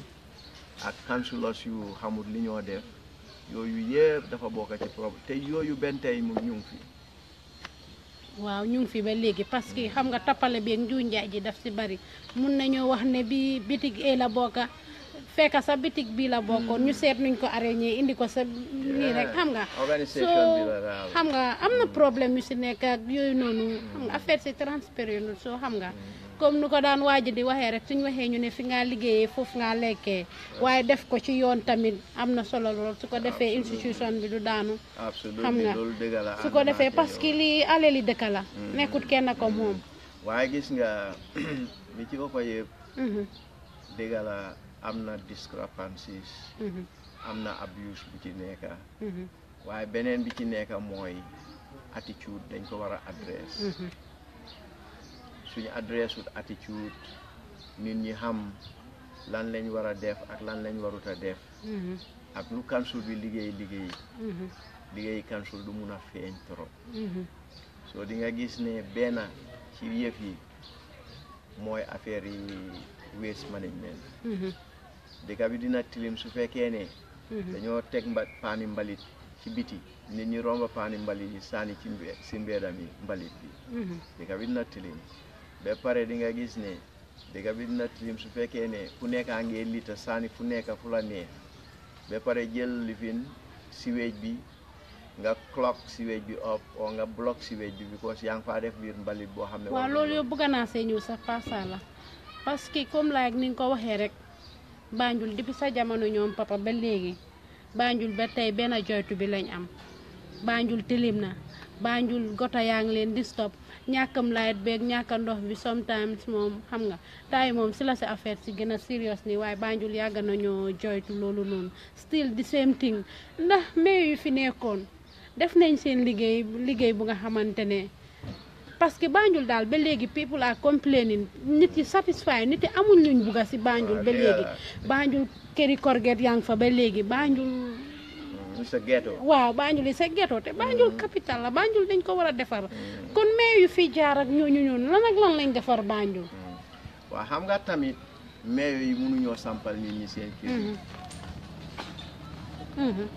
ak councillors yu xamul li ñoo def yooyu yëpp dafa bokk ci problème te yooyu benn tey mu ñu fi. waaw ñu ngi fi ba léegi parce que mm. xam nga tappale beeg njuu njaay ji daf si bari mun nañoo wax ne bi bitig e la bokk fekk sa bitig bii la bokkoon ñu mm. seet nuñ ko arañee indi ko sa nii rek xam nga soo xam nga am na mm. problème yu si nekk yooyu noonu xam nga affaire si transparent soo xam nga comme nu ko daan waaj di waxee rek suñ waxee ñu ne fi ngaa liggéeyee foofu nga lekkee waaye def ko ci yoon tamit am na solo lool su ko defee institution bi du daanu xam nga su ko defee parce que lii alali dëkk la mm-hmm. nekkut kenn ko moom mm-hmm. waaye gis nga li ci ëpp yëpp mm-hmm. dëgg la am na discrepancies am na abuse bu ci nekka waaye beneen bi ci nekka mooy attitude dañ ko war a adresse suñu adresse wut attitude nit ñi xam lan lañ war a def ak lan lañ warut a def mhm. ak lu kansul bi liggéey liggéey mhm. liggéey du mun a feeñ trop mhm. soo di nga gis ne benn ci yëf yi mooy affaire yi management dëkk bi dina tilim su fekkee ne dañoo teg mba paani mbalit ci biti nit ñi romba paani mbalit yi sànni ci si mbeedam yi mbalit bi dëkk bi dina tilim ba pare di nga gis ne dëkk bi na tilim su fekkee ne ku nekk a ngee liita sànni fu nekk fu la neex ba pare jël lifin siweej bi nga clock siweej bi up oo nga block siweej bi because yaa ngi faa def biir mbalit boo xam ne waaw loolu yow bëgg naa see ñëw sax pasa la parce que comme laaj ni nga ko waxee rek Banjul depuis sa jamono ñoom papa ba léegi Banjul ba tey benn joytu bi lañ am Banjul tilim na Banjul gota yaa ngi leen di stop ñàkkam light beeg ñàkka ndox bi sometimes moom xam nga taay moom si la si affaire si gën a serious ni waaye Banjul yàgg nañoo joytu loolu noonu still di same thing ndax maire yu fi nekkoon def nañ seen liggéey liggéey bu nga xamante ne parce que Banjul daal ba léegi people are complaining nit yi satisfy nit yi amuñ luñ bugga si Banjul ba ah, léegi Banjul këri korget yaa fa ba léegi Banjul sa ghetto wow, Banjul sa ghetto te Banjul mm. capital la Banjul dañ ko war a kon maire yu fi jaar ak ñooñu ñoon lan ak lan lañ defar Banjul mm. waaw xam nga tamit maire yi mënuñoo sampal nit ñi seen kër mm-hmm. Mm-hmm.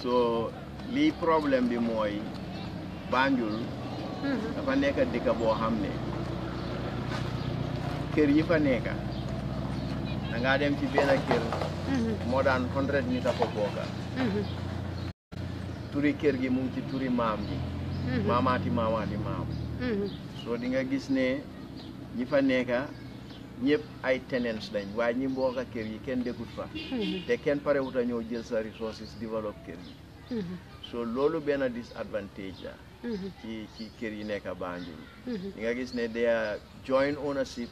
so li problème bi mooy Banjul mm-hmm. dafa nekk dëkk boo xam ne kër yi fa nekk da ngaa dem ci benn kër moo daan 100 nit a bokka turi kër gi mu ci turi maam gi mhm. maamaati maamaati maam mhm. soo di nga gis ne ñi fa nekka ñëpp ay tenants lañ waaye ñi mbooka kër yi kenn dëkkut fa mhm. te kenn parewut a ñëw jël sa resources develop kër gi so loolu benn disadvantage la ci kër yi nekk Banjul di nga gis ne they are joint ownership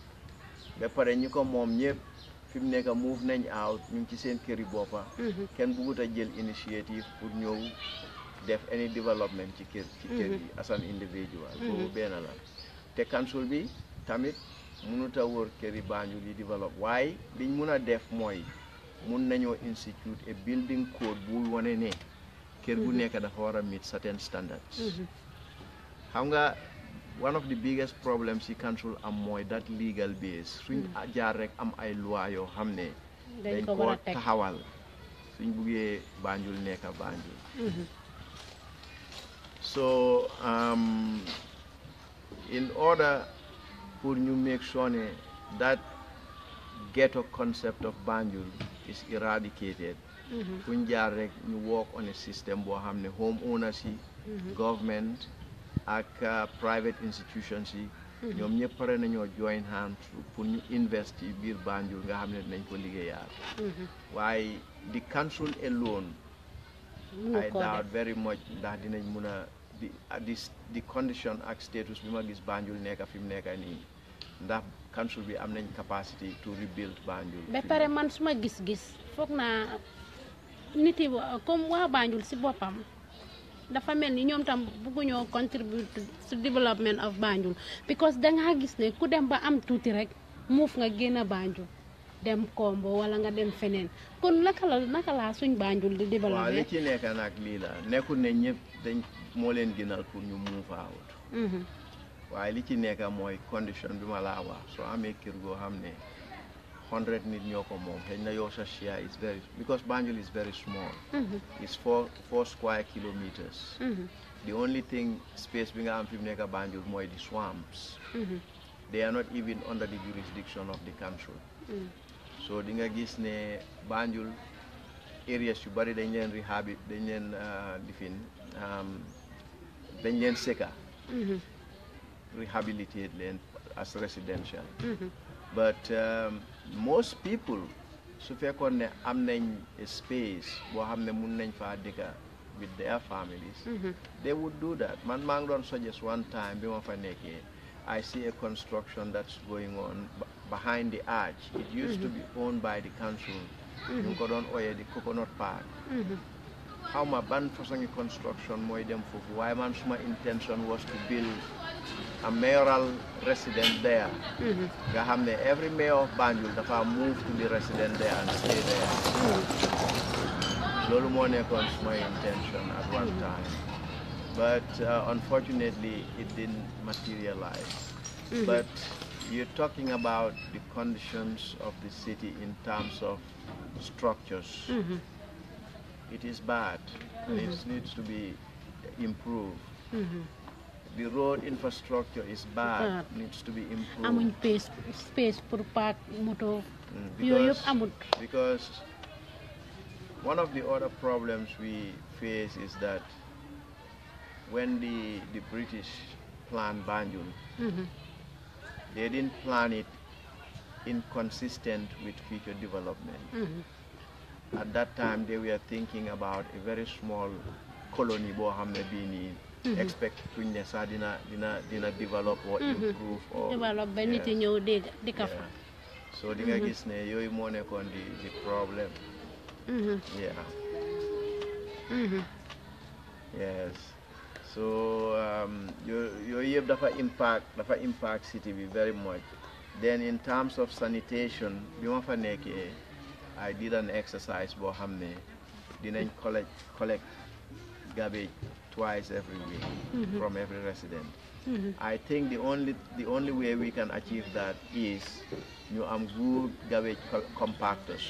ba pare ñi ko moom ñëpp fi mu nekk move nañ out ñu ci seen këri boppa kenn bëggut a jël initiative pour ñëw def any development ci kër ci kër yi mm-hmm. as an individual bo mm-hmm. benn la te council bi tamit mënut a wër kër yi Banjul yi develop Why? Bin mun def mooy mun nañoo institute a building code bu wane ne kër bu mm-hmm. nekk dafa war meet certain standards xam nga one of the biggest problems ci council am mooy that legal base suñ jaar rek am ay loi yoo xam ne dañ ko taxawal suñ buggee Banjul nekk Banjul so, um, in order for ñu make sure that ghetto concept of Banjul is eradicated mm-hmm. fuñ jaar rek work on a system where xam ne home owners yi mm-hmm. government ak uh, private institutions You mm-hmm. ñoom ñëpp pare nañoo join hands pour invest in the Banjul nga xam ne dinañ ko liggéeyaat waaye di council alone I doubt very much that in mun a Ah, di di condition ak status bi ma gis Banjul nekk fi mu nii ndax council bi am nañ capacity to rebuild Banjul. ba pare man suma gis-gis foog naa nit yi comme waa Banjul si boppam. dafa mel ni ñoom tam bëgguñoo contribute to development of Banjul because dangaa gis ne ku dem ba am tuuti rek muuf nga génn a Banjul dem Kombo wala nga dem feneen kon naka la naka laa suñ Banjul di développé waaw li ci nekk nag lii la nekkul ne ñëpp dañ moo leen gënal pour ñu move out mm-hmm. waaye li ci nekk mooy condition bi ma laa wax soo amee kër goo xam ne hundred nit ñoo ko moom xëy na yow sa is very because Banjul is very small mm-hmm. it's four four square kilometers mm-hmm. the only thing space bi nga am fi mu nekk Banjul mooy di swamps they are not even under the jurisdiction of the council so di nga gis ne Banjul areas yu bari dañ leen rehab dañ leen lifin uh, um, dañ leen seka mm-hmm. rehabilitated land as residential mm-hmm. but um, most people su fekkoon ne have nañ space boo xam ne mun with their families mm-hmm. they would do that man maa ngi just one time bi ma fa I see a construction that's going on behind the arch it used to be owned by the council ñu ko on ooyee the Coconut Park how my band façon construction mooy dem foofu why man suma intention was to build a mayoral resident there nga mm-hmm. every mayor of Banjul dafa move to be resident there and stay there mm-hmm. loolu moo nekkoon suma intention at one mm-hmm. time but uh, unfortunately it didn't materialize but you're talking about the conditions of the city in terms of structures it is bad. Mm -hmm. needs to be improved. Mm -hmm. The road infrastructure is bad, uh, needs to be improved. Amuñ space, space for park moto. Mm, because, because one of the other problems we face is that when the, the British planned Banjul, mm -hmm. they didn't plan it inconsistent with future development. Mm-hmm at that time they were thinking about a very small colony boo xam ne bii nii mm-hmm. expect kuñ ne dina dina dina develop or mm-hmm. improve or develop ba nit yi ñëw dégg di ka fa so di nga gis ne yooyu the nekkoon di di problème mm-hmm. yeah yes so yooyu yëpp dafa impact dafa impact city bi very much then in terms of sanitation bi ma fa nekkee I did an exercise boo xam Didn't collect collect garbage twice every week mm-hmm. from every resident mm-hmm. I think the only the only way we can achieve that you am good garbage compactors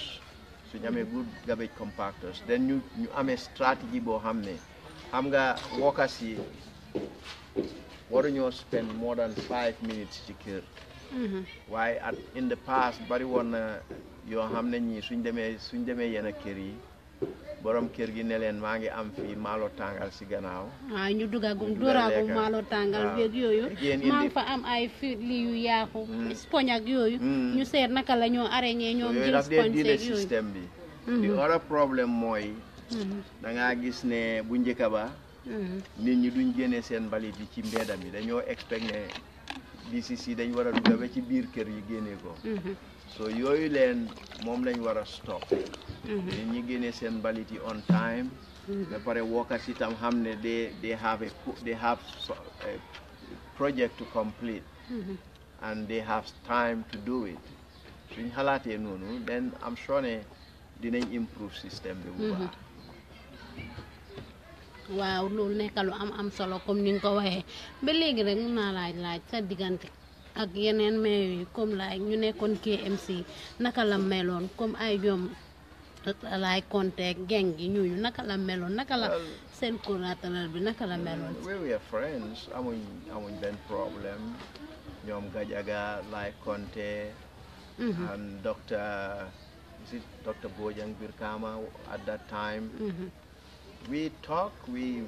So suñu a good garbage compactors then you, you have a strategy boo xam ne xam nga workers You waruñoo spend more than five minutes to kër mm-hmm. Why at in the past bari wanna. yoo xam ne ñii suñ demee suñ demee yenn kër yi boroom kër gi ne leen maa ngi am fii maalo tàngal si gannaaw. waaw ah, ñu dugagum dóoraagum maalo tàngal beeg yooyu. maa ngi fa am ay fili yu yaaxu. Mm. spoñ ak yooyu. Mm. ñu seet naka la ñoo arañee ñoom. jël spoñ seeg yooyu système bi. di mm-hmm. ora problème mooy. Mm-hmm. danga gis ne bu njëkk ba. Mm-hmm. nit ñi duñ génne seen mbalit yi ci mbedda mi dañoo expect ne BCC dañ war a dugg ba ci biir kër yi génne ko. so yooyu learn, mom lañ war a stop mm-hmm. You ñi génnee seen mbalit yi on time The mm-hmm. pare workers itam xam ne they they have a they have a project to complete mm-hmm. and they have time to do it suñ xalaatee noonu then i am sure they dinañ improve system bi bu Wow, waaw loolu am am solo comme ni eh, ko waxee ba léegi rek mun naa sa diggante ak yeneen maire yi comme laay ñu nekkoon KMC naka la meloon comme ay ñoom laay konte gang yi ñooñu naka la meloon naka la seen coordinateur bi naka la meloon. Mm, we were friends amuñ amuñ benn problème ñoom Gajaga laay konte. Mm-hmm. and doctor is it at that time. Mm-hmm. we talk, we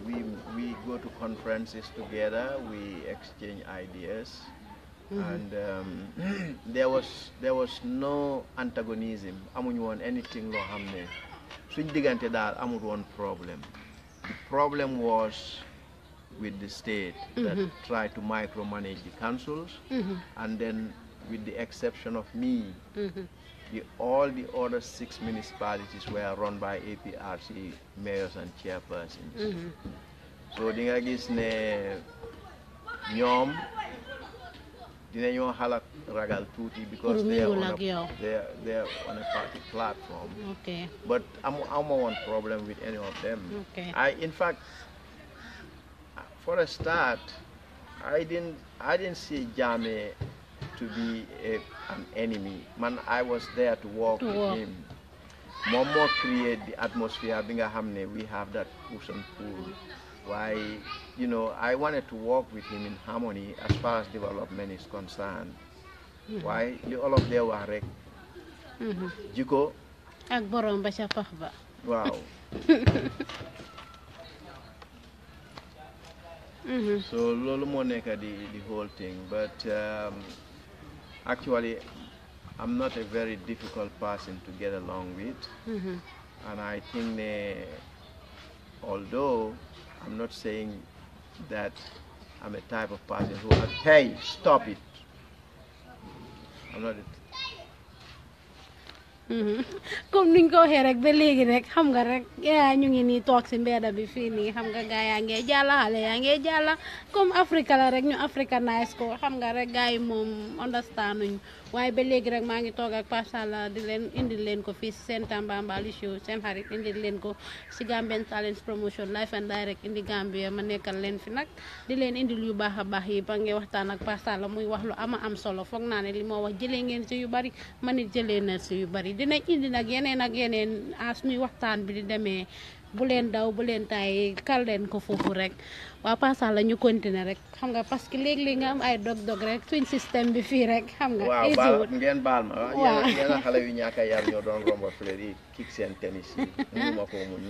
go to conferences together, we exchange ideas. Mm -hmm. and um, there was there was no antagonism amuñu woon anything loo xam ne suñ diggante daal problem the problem was with the state that mm -hmm. tried to micromanage the councils mm -hmm. and then with the exception of me mm-hmm. the, all the other six municipalities were run by APRC mayors and chairpersons mm-hmm. so di nga gis ne dinañoo xalaat ragal tuuti because they are on a oh. they are on a party platform okay but I'm not one problem with any of them I in fact for a start I didn't I didn't see Jammeh to be a, an enemy man I was there to work with him Momo moo create the atmosphere bi nga we have that push and pull Why? you know, I wanted to work with him in harmony as far as development is concerned. Mm -hmm. of them were dee wax rek. jiko. ak borom Wow. Mm-hmm. so lolo moneka, the whole thing but um, actually I'm not a very difficult person to get along with. Mm -hmm. and I think ne although I'm not saying that I'm a type of person who, hey, stop it. I'm not mm-hmm. comme nuñ ko waxee rek ba léegi rek xam nga rek ñu ngi nii toog si mbedda bi fii nii xam nga gaa yaa ngee jàlla xale yaa ngee jàlla comme Africa la rek ñu africanize ko xam nga rek gaa yi moom understand nuñ waaye ba léegi rek maa ngi toog ak Pape Salla di leen indil leen ko fii seen Tambambalu show seen xarit indil leen ko si Gambian Talents Promotion live and direct indi Gambia ma nekkal leen fi nag di leen indil yu baax a baax yi ba ngi waxtaan ak Pape Salla muy wax lu ama am solo foog ne li moo wax jëlee ngeen si yu bari ma it jëlee na si yu bari dina indi nag yeneen ak yeneen as ñuy waxtaan bi di demee bu leen daw bu leen taay kal leen ko foofu rek waaw passant la ñu continuer rek xam nga parce que léeg-léeg nga am ay dog-dog rek suñ système bi fii rek xam nga waaw baal ngeen baal ma waaw a xale yu ñàkk a yar ñoo doon romba seen tennis yi ko muñ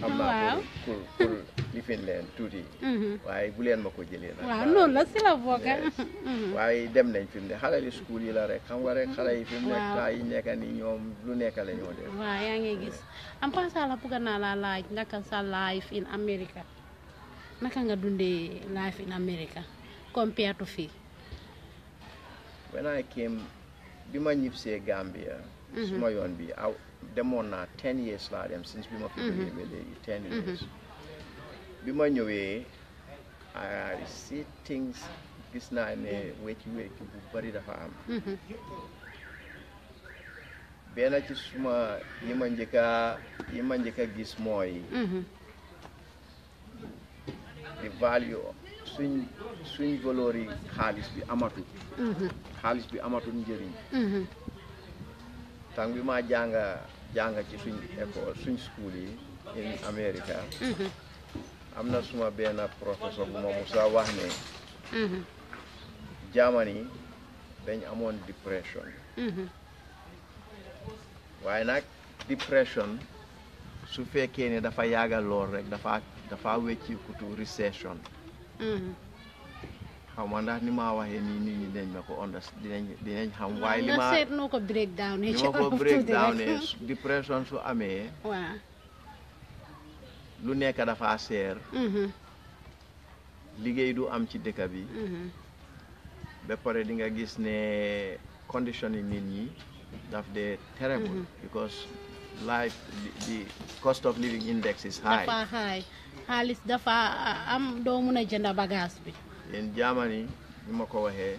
xam naa pour pour lifin tuuti mhm. waaye bu leen ma ko jëlee nag waaw mhm. waaye dem nañ fi mu ne xale yi school yi la rek xam nga rek xale yi fi mu nekk yi nekka ni ñoom lu nekk la ñoo def waaw yaa ngi gis am passant la bëgg naa laaj naka sa life in America naka nga dundee life in America compared to fii. when I came bi ma ñibbisee Gambia. Mhm. suma yoon bi aw demoon naa ten years laa dem since bi ma fi jógee mhm. léegi ten mhm. years. bi ma ñëwee I see things gis naa ne wecci wecci bu bari dafa am. benn ci suma yi ma njëkk yi ma njëkk gis mooy. the value suñ suñ yi xaalis bi amatul mhm. xaalis bi amatul njëriñ mhm. tàng ma jànga jànga ci suñ école suñ school yi in America mhm. am na suma benn professeur bu ma musa wax ne Germany dañ amoon dépression waaye nag dépression su fekkee ne dafa yàgga rek dafa dafa wecciku to recession xaw ma ndax ni maa waxee nii nit ñi dinañ ma ko ondas dinañ dinañ xam waaye li ma seet noo ko break down li ma ko break down depression su amee waaw lu nekk dafa seer mm-hmm. liggéey du am ci dëkk bi mm-hmm. ba pare di nga gis ne condition yi nit ñi daf dee terrible mm-hmm. because life the cost of living index is high xaalis dafa am doo mun a jënd bi. yéen jaamani ñu ma ko waxee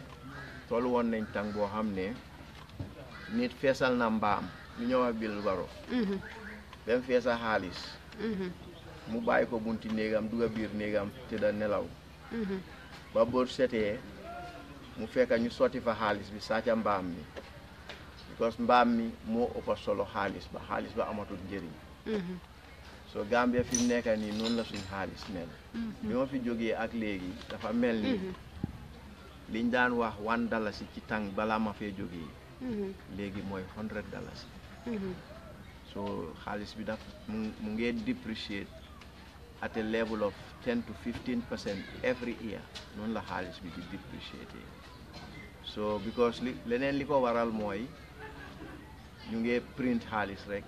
toll woon nañ tàng boo xam ne nit feesal na mbaam ñu ñëw ak Bill Barrow. Mhm. dem xaalis. Mhm. mu bàyyi ko bunti néegam du biir néegam te da nelaw. Mhm. ba setee mu fekk ñu sotti fa xaalis bi sàcca mbaam mi because mbaam mi moo ëpp solo xaalis ba xaalis ba amatul njëriñ. so Gambia fi mu nekk nii noonu la suñ xaalis mel ñoo mm-hmm. fi jógee ak léegi dafa mel ni mm-hmm. liñ daan wax one dalasi ci tànk balaa ma fee jógee mm-hmm. léegi mooy hundred dalasi so xaalis bi daf mu ngee depreciate at a level of ten to fifteen percent every year noonu la xaalis bi di depreciate so because li leneen li ko waral mooy ñu ngee print xaalis rek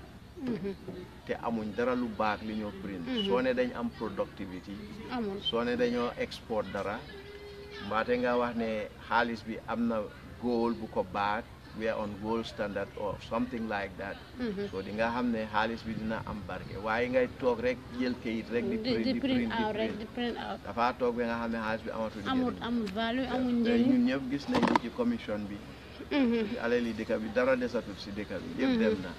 te amuñ dara lu baax li ñoo print mhm. soo ne dañ am productivity soo ne dañoo export dara mbaate nga wax ne xaalis bi am na goal bu ko baax we on gold standard or something like that mhm. so di xam ne xaalis bi dina am barke waaye ngay toog rek jël kayit rek di di print out dafa toog bi nga xam ne xaalis bi amatul njëriñ ñun ñëpp gis nañu ci commission bi mhm. alali dëkk bi dara desatul si dëkk bi yëpp dem na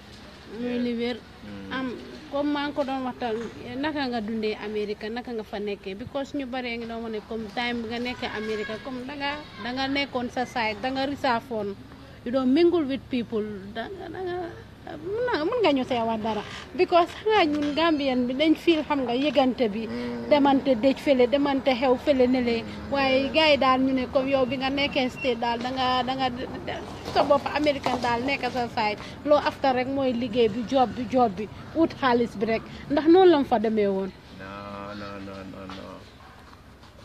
mu li wér mm. am comme maa ngi ko doon waxtaan naka nga dundee Amérique naka nga fa nekkee because ñu bëree ngi doon wax ne comme time bi nga nekkee Amérique comme danga danga nekkoon sa saay danga risaafoon you don't mingle with people danga danga mun nga ñu see wax dara because xanaa ñun Gambien bi dañ fiil xam nga yëgante bi mm. demante dëj fële demante xew fële ne waaye gars yi daal ñu ne comme yow bi nga nekkee state daal danga danga sa bopp american dal nekk sa side loo after rek mooy liggéey bi job bi job bi ut xaalis bi rek ndax noonu lam fa demee woon. non non non non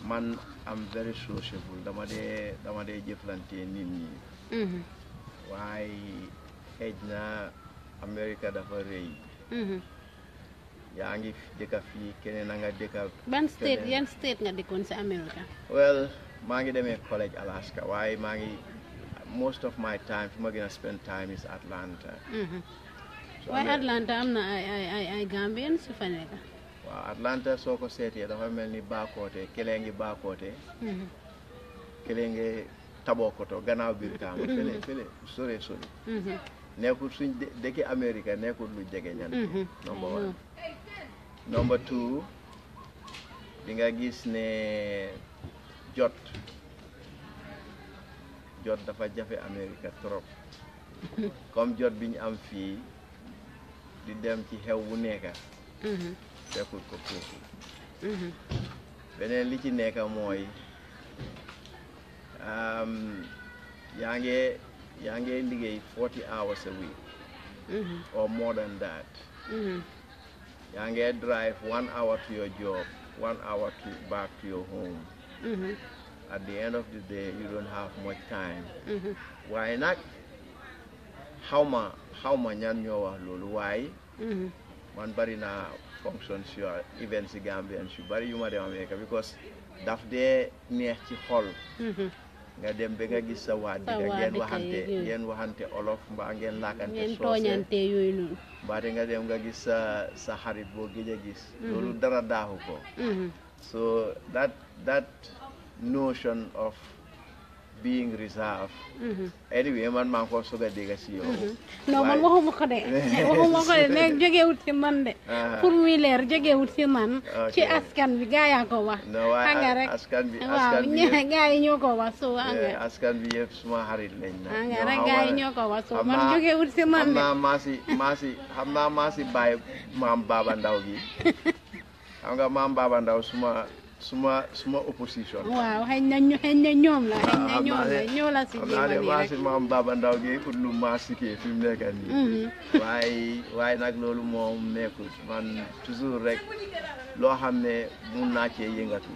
man am very sociable dama dee dama dee jëflante nit ñi. Mm-hmm. waaye xëj na Amérique dafa rëy. Mm-hmm. yaa ngi dëkka fii keneen a nga dëkka ban state yan state nga dëkkoon si america well maa ngi demee college Alaska waaye maa ngi. most of my time fi ma gën a spend time is Atlanta. Mm-hmm. waaye Atlanta am na ay ay ay ay Gambians su fa nekk. waaw Atlanta soo ko seetee dafa mel ni Bakoteh kële ngi Bakoteh. Mm-hmm. kële ngi Tabokoto gannaaw biir Kaama. Mm-hmm. fële fële sore sore. nekkul suñ dëkki Amérique nekkul lu jege ñan. number one number two di nga gis jot jot dafa jafe Amérique trop comme jot bi ñu am fii di dem ci xew bu nekka mhm. fekkul ko foofu mhm. beneen li ci nekka mooy yaa ngi yaa ngi forty hours a week mhm. or more than that yaa ngi drive one hour to your job one hour to back to your home at the end of the day, you don't have much time. Mm-hmm. Why not? How ma how ma nyan nyowa why? Mm-hmm. Man bari na functions your events Gambia and you bari yuma de America because daf de neex ci xol. Mm-hmm. nga dem ba nga gis sa waat bi nga ngeen waxante ngeen waxante olof mbaa ngeen laakante tooñante yooyu noonu mbaate nga dem nga gis sa sa xarit boo gëj a gis loolu dara daaxu ko so that that notion of being reserved. Mm-hmm. anyway man maa ngi ko soog a dégg mm-hmm. ko de. waxuma ko de mais man de. Ah. pour muy leer jógewut si man. ci askan bi gaa yaa ko wax. xam nga rek askan bi ko wax so xam nga. Eh, askan bi yëpp suma na. xam nga ko wax so man jógewut si man de. xam naa maa maam Baba Ndaw gi xam nga maam Baba Ndaw suma. suma suma opposition. waaw xëy na ñu ñoom la. xëy ah, ñoom la si a nii rek maa si maam Baba Ndaw gi ut lu maa fi mu nekk nii. Mhm. waaye waaye nag loolu moom nekkul man toujours rek loo xam ne mun naa cee yëngatu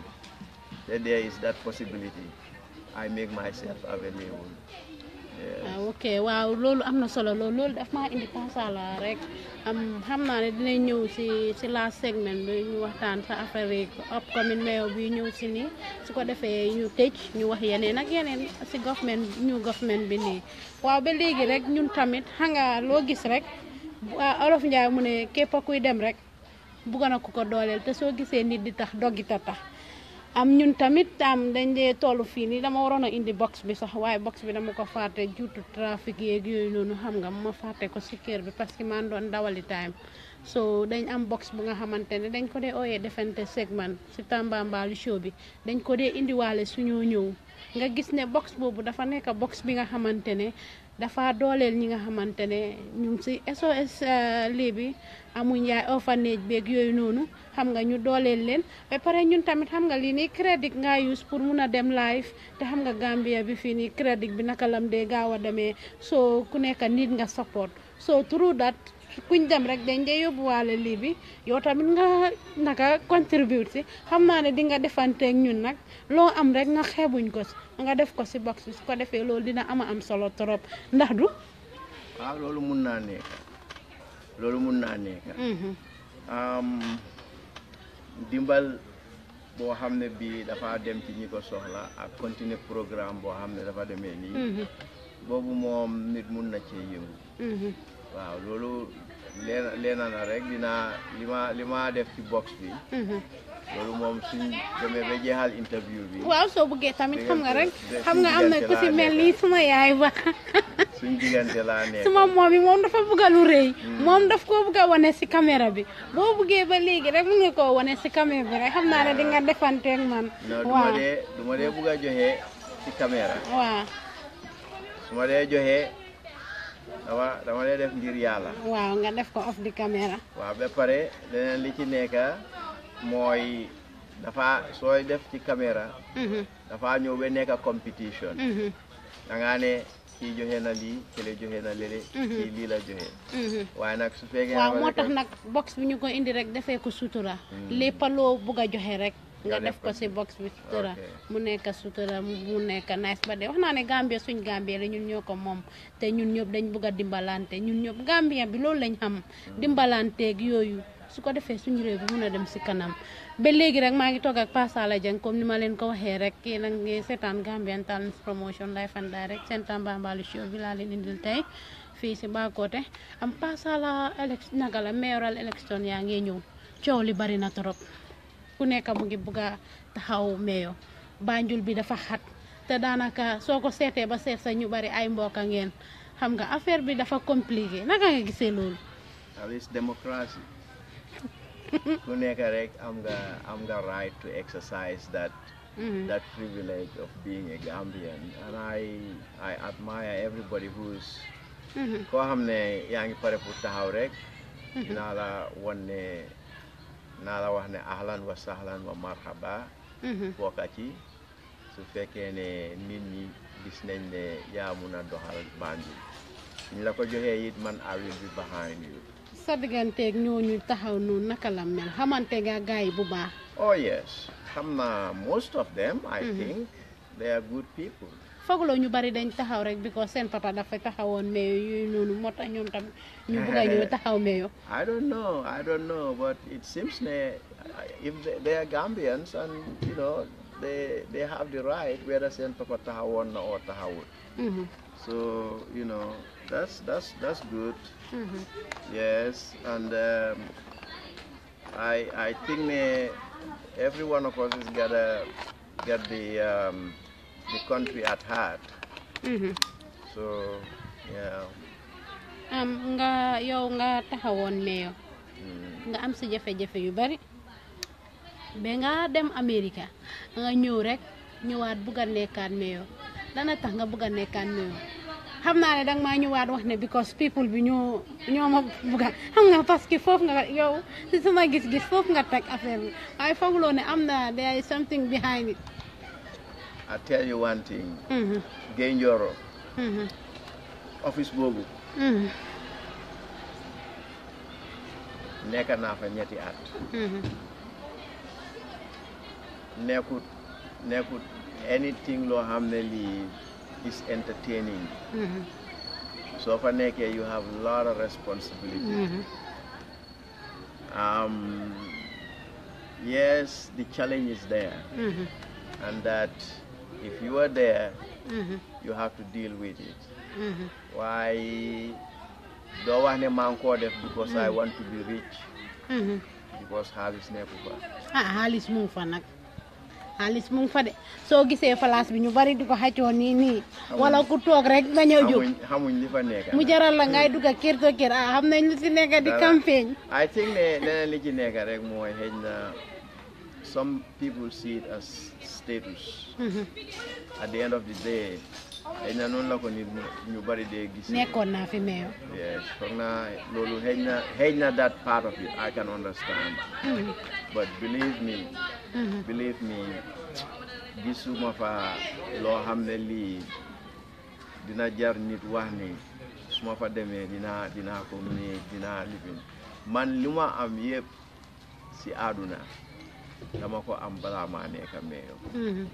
te there is that possibility I make myself available. waaw ah, ok waaw loolu am na solo loolu loolu daf maa indi consala rek am xam naa ne dina ñëw si si last segment bi ñu waxtaan sa affaire yi upcoming mayor bi ñëw si nii su ko defee ñu tëj ñu wax yeneen ak yeneen si government ñu government bi nii waaw ba léegi rek ñun tamit xam nga loo gis rek ah, olof Njaay mu ne képp kuy dem rek bugg na ku ko dooleel te soo gisee nit di tax doggita tax am ñun tamit am dañ dee toll fii nii dama waroon a indi box bi sax waaye box bi dama ko fàtte juutu trafic yeeg yooyu noonu xam nga ma fàtte ko si kër bi parce que man doon dawali time so dañ am box bu nga xamante ne dañ ko dee ooyee defante segment si Tambambalu show bi dañ ko dee indiwaale suñoo ñëw nga gis ne box boobu dafa nekk box bi nga xamante ne dafa dooleel ñi nga xamante ne ñu ngi si SOS euh, lii bi amuñ yaay orphanage beeg yooyu noonu xam nga ñu dooleel leen ba pare ñun tamit xam nga lii nii crédit nga use pour mun a dem live te xam nga Gambia bi fii nii crédit bi naka lam de gaaw a demee soo ku nekk nit nga support so through that kuñ dem rek dañ dee yóbbuwaale lii bi yow tamit nga naka contribute si xam naa ne di nga ak ñun nag loo am rek nga xeebuñ ko si nga def ko si box su ko defee loolu dina ama am solo trop ndax du waaw ah, loolu loolu mhm. dimbal boo xam ne dafa dem ci ñi ko soxla ak continuer programme boo xam dafa demee nii mhm. boobu moom nit mun na cee yëngu mhm. waaw loolu leen na rek dinaa li ma li ma def ci box bi mhm. loolu moom si demee ba jeexal interview bi waaw soo buggee tamit xam nga rek xam nga am na ku si mel ni suma yaay ba suñ diggante laa nekk suma moom yi moom dafa bugg a lu mm. moom daf koo bugg a wane si caméra bi boo buggee ba léegi rek mun nga koo wane si caméra bi rek xam naa ne di nga defanteeg man waaw ma dee bugg a joxe si caméra waaw su dee joxe dama dama lay def ngir yàlla. waaw nga def ko off di caméra. waaw ba pare leneen li ci nekk mooy dafa sooy def ci caméra. Mhm. dafa ñëw ba nekk competition. Mhm. da ngaa ne kii joxe na lii kële joxe na lële. Mhm. kii lii la joxe. waaye nag su fekkee. moo tax nag box bi ñu ko indi rek defee ko sutura. Hmm. lépp loo bugg a joxe rek. nga def ko si box bi sutura mu nekk sutura mu nekk nice ba de wax naa ne Gambia suñ Gambia la ñun ñoo ko moom te ñun ñëpp dañ bëgg a dimbalante ñun ñëpp gambie bi loolu lañ xam hmm. dimbalanteeg yooyu su ko defee suñu réew bi mun a dem si kanam ba léegi rek maa ngi toog ak Pa Sallah comme ni ma leen ko waxee rek kii nag ngi seetaan Gambian Talents Promotion live and direct seen Tambambalu show bi laa leen indil tey fii si Bakoteh am Pa Sallah elec naka la mayoral election yaa ngi ñëw coow li bari na trop ku nekk mu ngi bugg a taxaw meyo Banjul bi dafa xat te daanaka soo ko seetee ba seet sa ñu bari ay mbokk ngeen xam nga affaire bi dafa compliqué naka nga gisee loolu. alis démocratie ku nekk rek am nga am right to exercise mm-hmm. that. privilege of being a Gambian and I admire everybody who is. Mm-hmm. koo xam ne yaa ngi pare pour taxaw rek. Mm-hmm. dinaa la wan ne. naa la wax ne ahlan wa sahlan wa marhaba mhm. bokka ci su fekkee ne nit ñi gis nañ ne yaa mun a doxal Banjul ñu la ko joxee it man awil bi behind you sa digganteeg ñooñu taxaw noonu naka la mel xamante nga gars yi bu baax oh yes xam naa most of them I mhm. think they are good people foog la ñu bari dañ taxaw rek because seen papa dafa taxawoon mais yooyu noonu moo tax ñoom tamit I don't know. I don't know. But it seems they, if they, are Gambians and you know they they have the right whether saying Papa Tahawon or Tahawut. Mm-hmm. So you know that's that's that's good. Mm-hmm. Yes, and um, I I think uh, every one of us is gotta get the um, the country at heart. Mm-hmm. So yeah. am nga yow nga taxawoon meyo hmm. nga am sa jafé jafé yu bari be nga dem america nga ñew rek ñëwaat bugg a nekkaat meyo dana tax nga bu a nekkat meyo xam naa ne dang ma ñewat wax ne because people bi ñoo ñoo ma ga xam nga parce que foofu nga yow si sama gis-gis foofu nga teg affaire bi waaye ne amna there is something behind it I tell you one thing. Mm -hmm. Genjoro. Mm -hmm. Office boobu. Mm. nekk naa fa ñetti at mm-hmm. nekkut nekkut anything loo xam ne is entertaining mm-hmm. so fa nekkee you have a lot of responsibility mm-hmm. um, yes the challenge is there and that if you are there you have to deal with it waaye do wax ne maa def because I hmm. want to be rich hmm. because xaalis nekku fa ah halis mu ngi fa nag xaalis mu fa de so gisee place bi ñu bari diko ko ni ni wala ku tok rek nga ñew juk xamuñ li fa nekk mu jaral la ngay dugg kër to kër ah xamnañ lu ci nekk di campagne I think ne leneen li ci nekk rek moy xëy na some people see it as status hmm. at the end of the day xëy na noonu la ko nit ñu bari dee gis. nekkoon naa fi meew. yes foog naa loolu xëy na xëy na that part of it I can understand. Hmm. but believe me. Hmm. believe me gisuma fa loo xam ne lii dina jar nit wax ni su ma fa demee dinaa dinaa ko nii dinaa man li ma am yëpp si àdduna dama ko am balaa maa nekk meew. Hmm.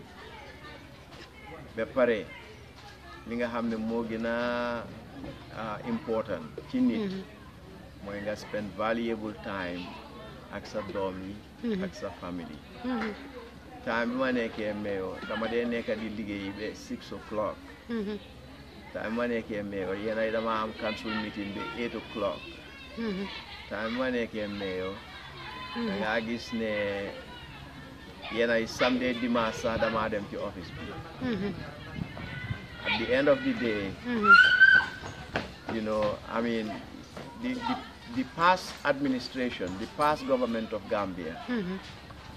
ba pare. li nga xam ne ah, important ci nit mm-hmm. nga spend valuable time ak sa doom yi mm-hmm. ak sa famille mm-hmm. time bi ma nekkee meyo dama dee nekk di liggéey ba six o'clock time bi ma nekkee meyo yéen ay dama am council meeting ba eight o'clock time bi ma nekkee meyo da ngaa gis ne yéen ay samedi dimanche sax damaa dem ci office bi at the end of the day, mm -hmm. you know, I mean, the, the, the, past administration, the past government of Gambia, mm -hmm.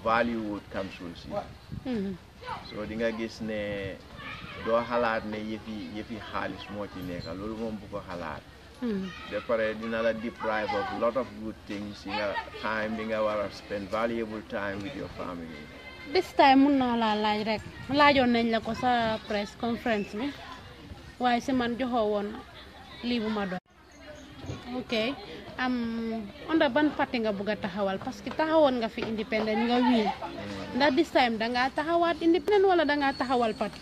valued councils. Mm -hmm. So di nga gis ne doo xalaat ne yëfi yëfi xaalis moo ci nekk loolu moom bu ko xalaat. Mm-hmm. ba pare dina la deprive of lot of good things in nga time bi nga war spend valuable time with your family. this time mun naa laa laaj rek laajoon nañ la ko sa press conference bi waaye si man joxoo woon lii bu ma doon ok am onda ban parti nga bugg a taxawal parce que taxawoon nga fi independent nga wiin ndax this time dangaa taxawaat independent wala dangaa taxawal parti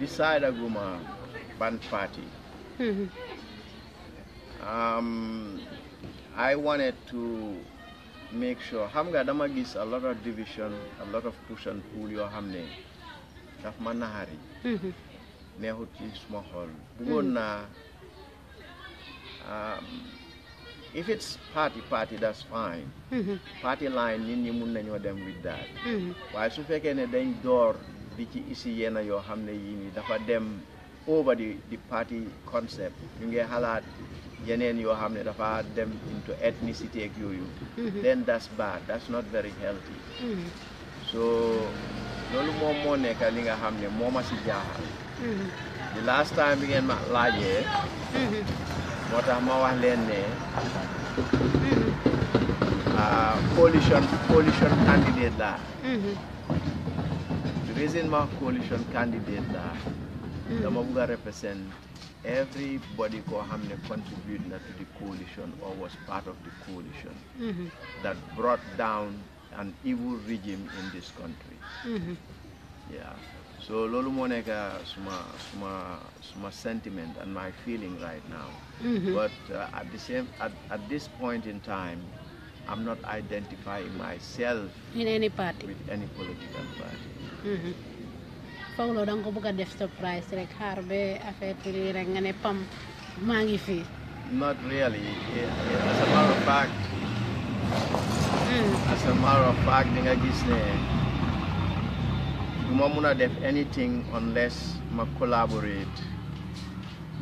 decide aguma ban parti mm-hmm. um, I wanted to make sure Hamga dama gives a lot of division a lot of push and pull your hamne. daf ma naxari mhm. neexut ci mhm. um, if it's party party that's fine mhm. party line nit ñi mun nañoo dem with that waaye su fekkee ne door di isi yena yo hamne yini. yii nii dafa dem over the the party concept ñu halat. Yenen yo xamne dafa dem into ethnicity ak yoyu. Mm-hmm. then that's bad that's not very healthy mm-hmm. so lolu mom mo nek li nga xamne moma ci jaaxal mm-hmm. the last time bi ngeen ma laajee Motax ma wax len ne coalition coalition candidate la. the reason ma coalition candidate la. dama bu ga represent everybody go contributed to the coalition or was part of the coalition mm -hmm. that brought down an evil regime in this country. Mm -hmm. Yeah. So Lolo, mo my sentiment and my feeling right now. Mm -hmm. But uh, at the same at, at this point in time I'm not identifying myself in any party with any political party. Mm-hmm ko bëgg def surprise rek xaar affaire rek nga ne pam ngi fi. not really as a matter of fact. Hmm. as a matter of fact di nga gis ne du ma mun a def anything unless ma collaborate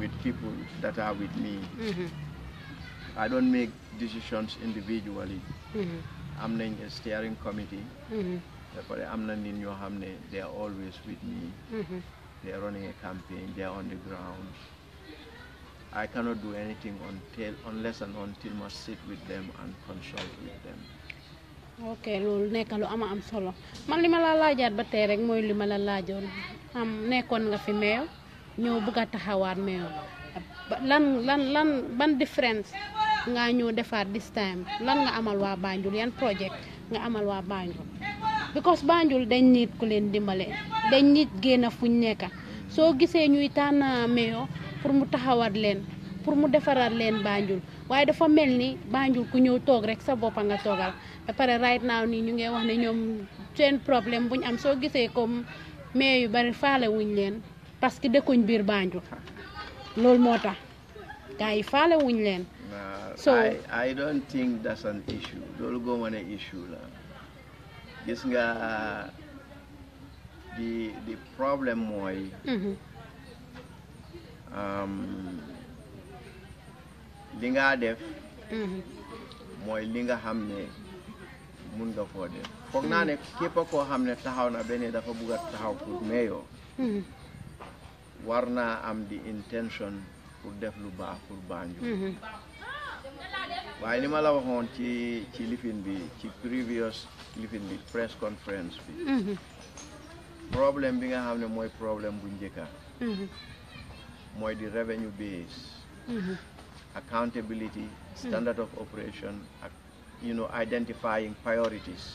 with people that are with me. Mm-hmm. I don't make decisions individually. i am in a steering committee. Mm-hmm i am na nit ñoo they are always with me. Mm-hmm. they are running a campaign they are on the ground. I cannot do anything until unless and until must sit with them and consult with them. ok loolu nekk lu ama am solo man li la laajaat ba tey rek mooy li la laajoon am nekkoon nga fi ñëw a taxawaat meew lan lan lan ban différence nga ñëw defaat this time lan nga amal waa Banjul yan projet nga amal Banjul. because Banjul dañ nit ku leen dimbale dañ nit génn fuñ nekka soo gisee ñuy tànn meyo pour mu taxawat leen pour mu defaraat leen Banjul waaye dafa mel ni Banjul ku ñëw toog rek sa boppa nga toogal ba pare right now nii ñu ngi wax ne ñoom seen problème bu buñ am soo gisee comme meyo yu bari faale wuñ leen parce que dëkkuñ biir Banjul loolu moo tax gars yi faale wuñ leen. soo I don't gis nga di di problème mooy mm-hmm. um, li ngaa def mm-hmm. mooy li nga xam ne mun nga koo def foog naa ne mm-hmm. képp koo xam ne taxaw na benn dafa bugg a taxaw pour meeyoo war naa am di intention pour def lu baax pour Banjul waaye li ma la waxoon ci ci lifin bi ci previous even the press conference mm-hmm. Problem. We bi nga more problem. mooy problème bu njëkka revenue base mm-hmm. accountability mm-hmm. standard of operation you know identifying priorities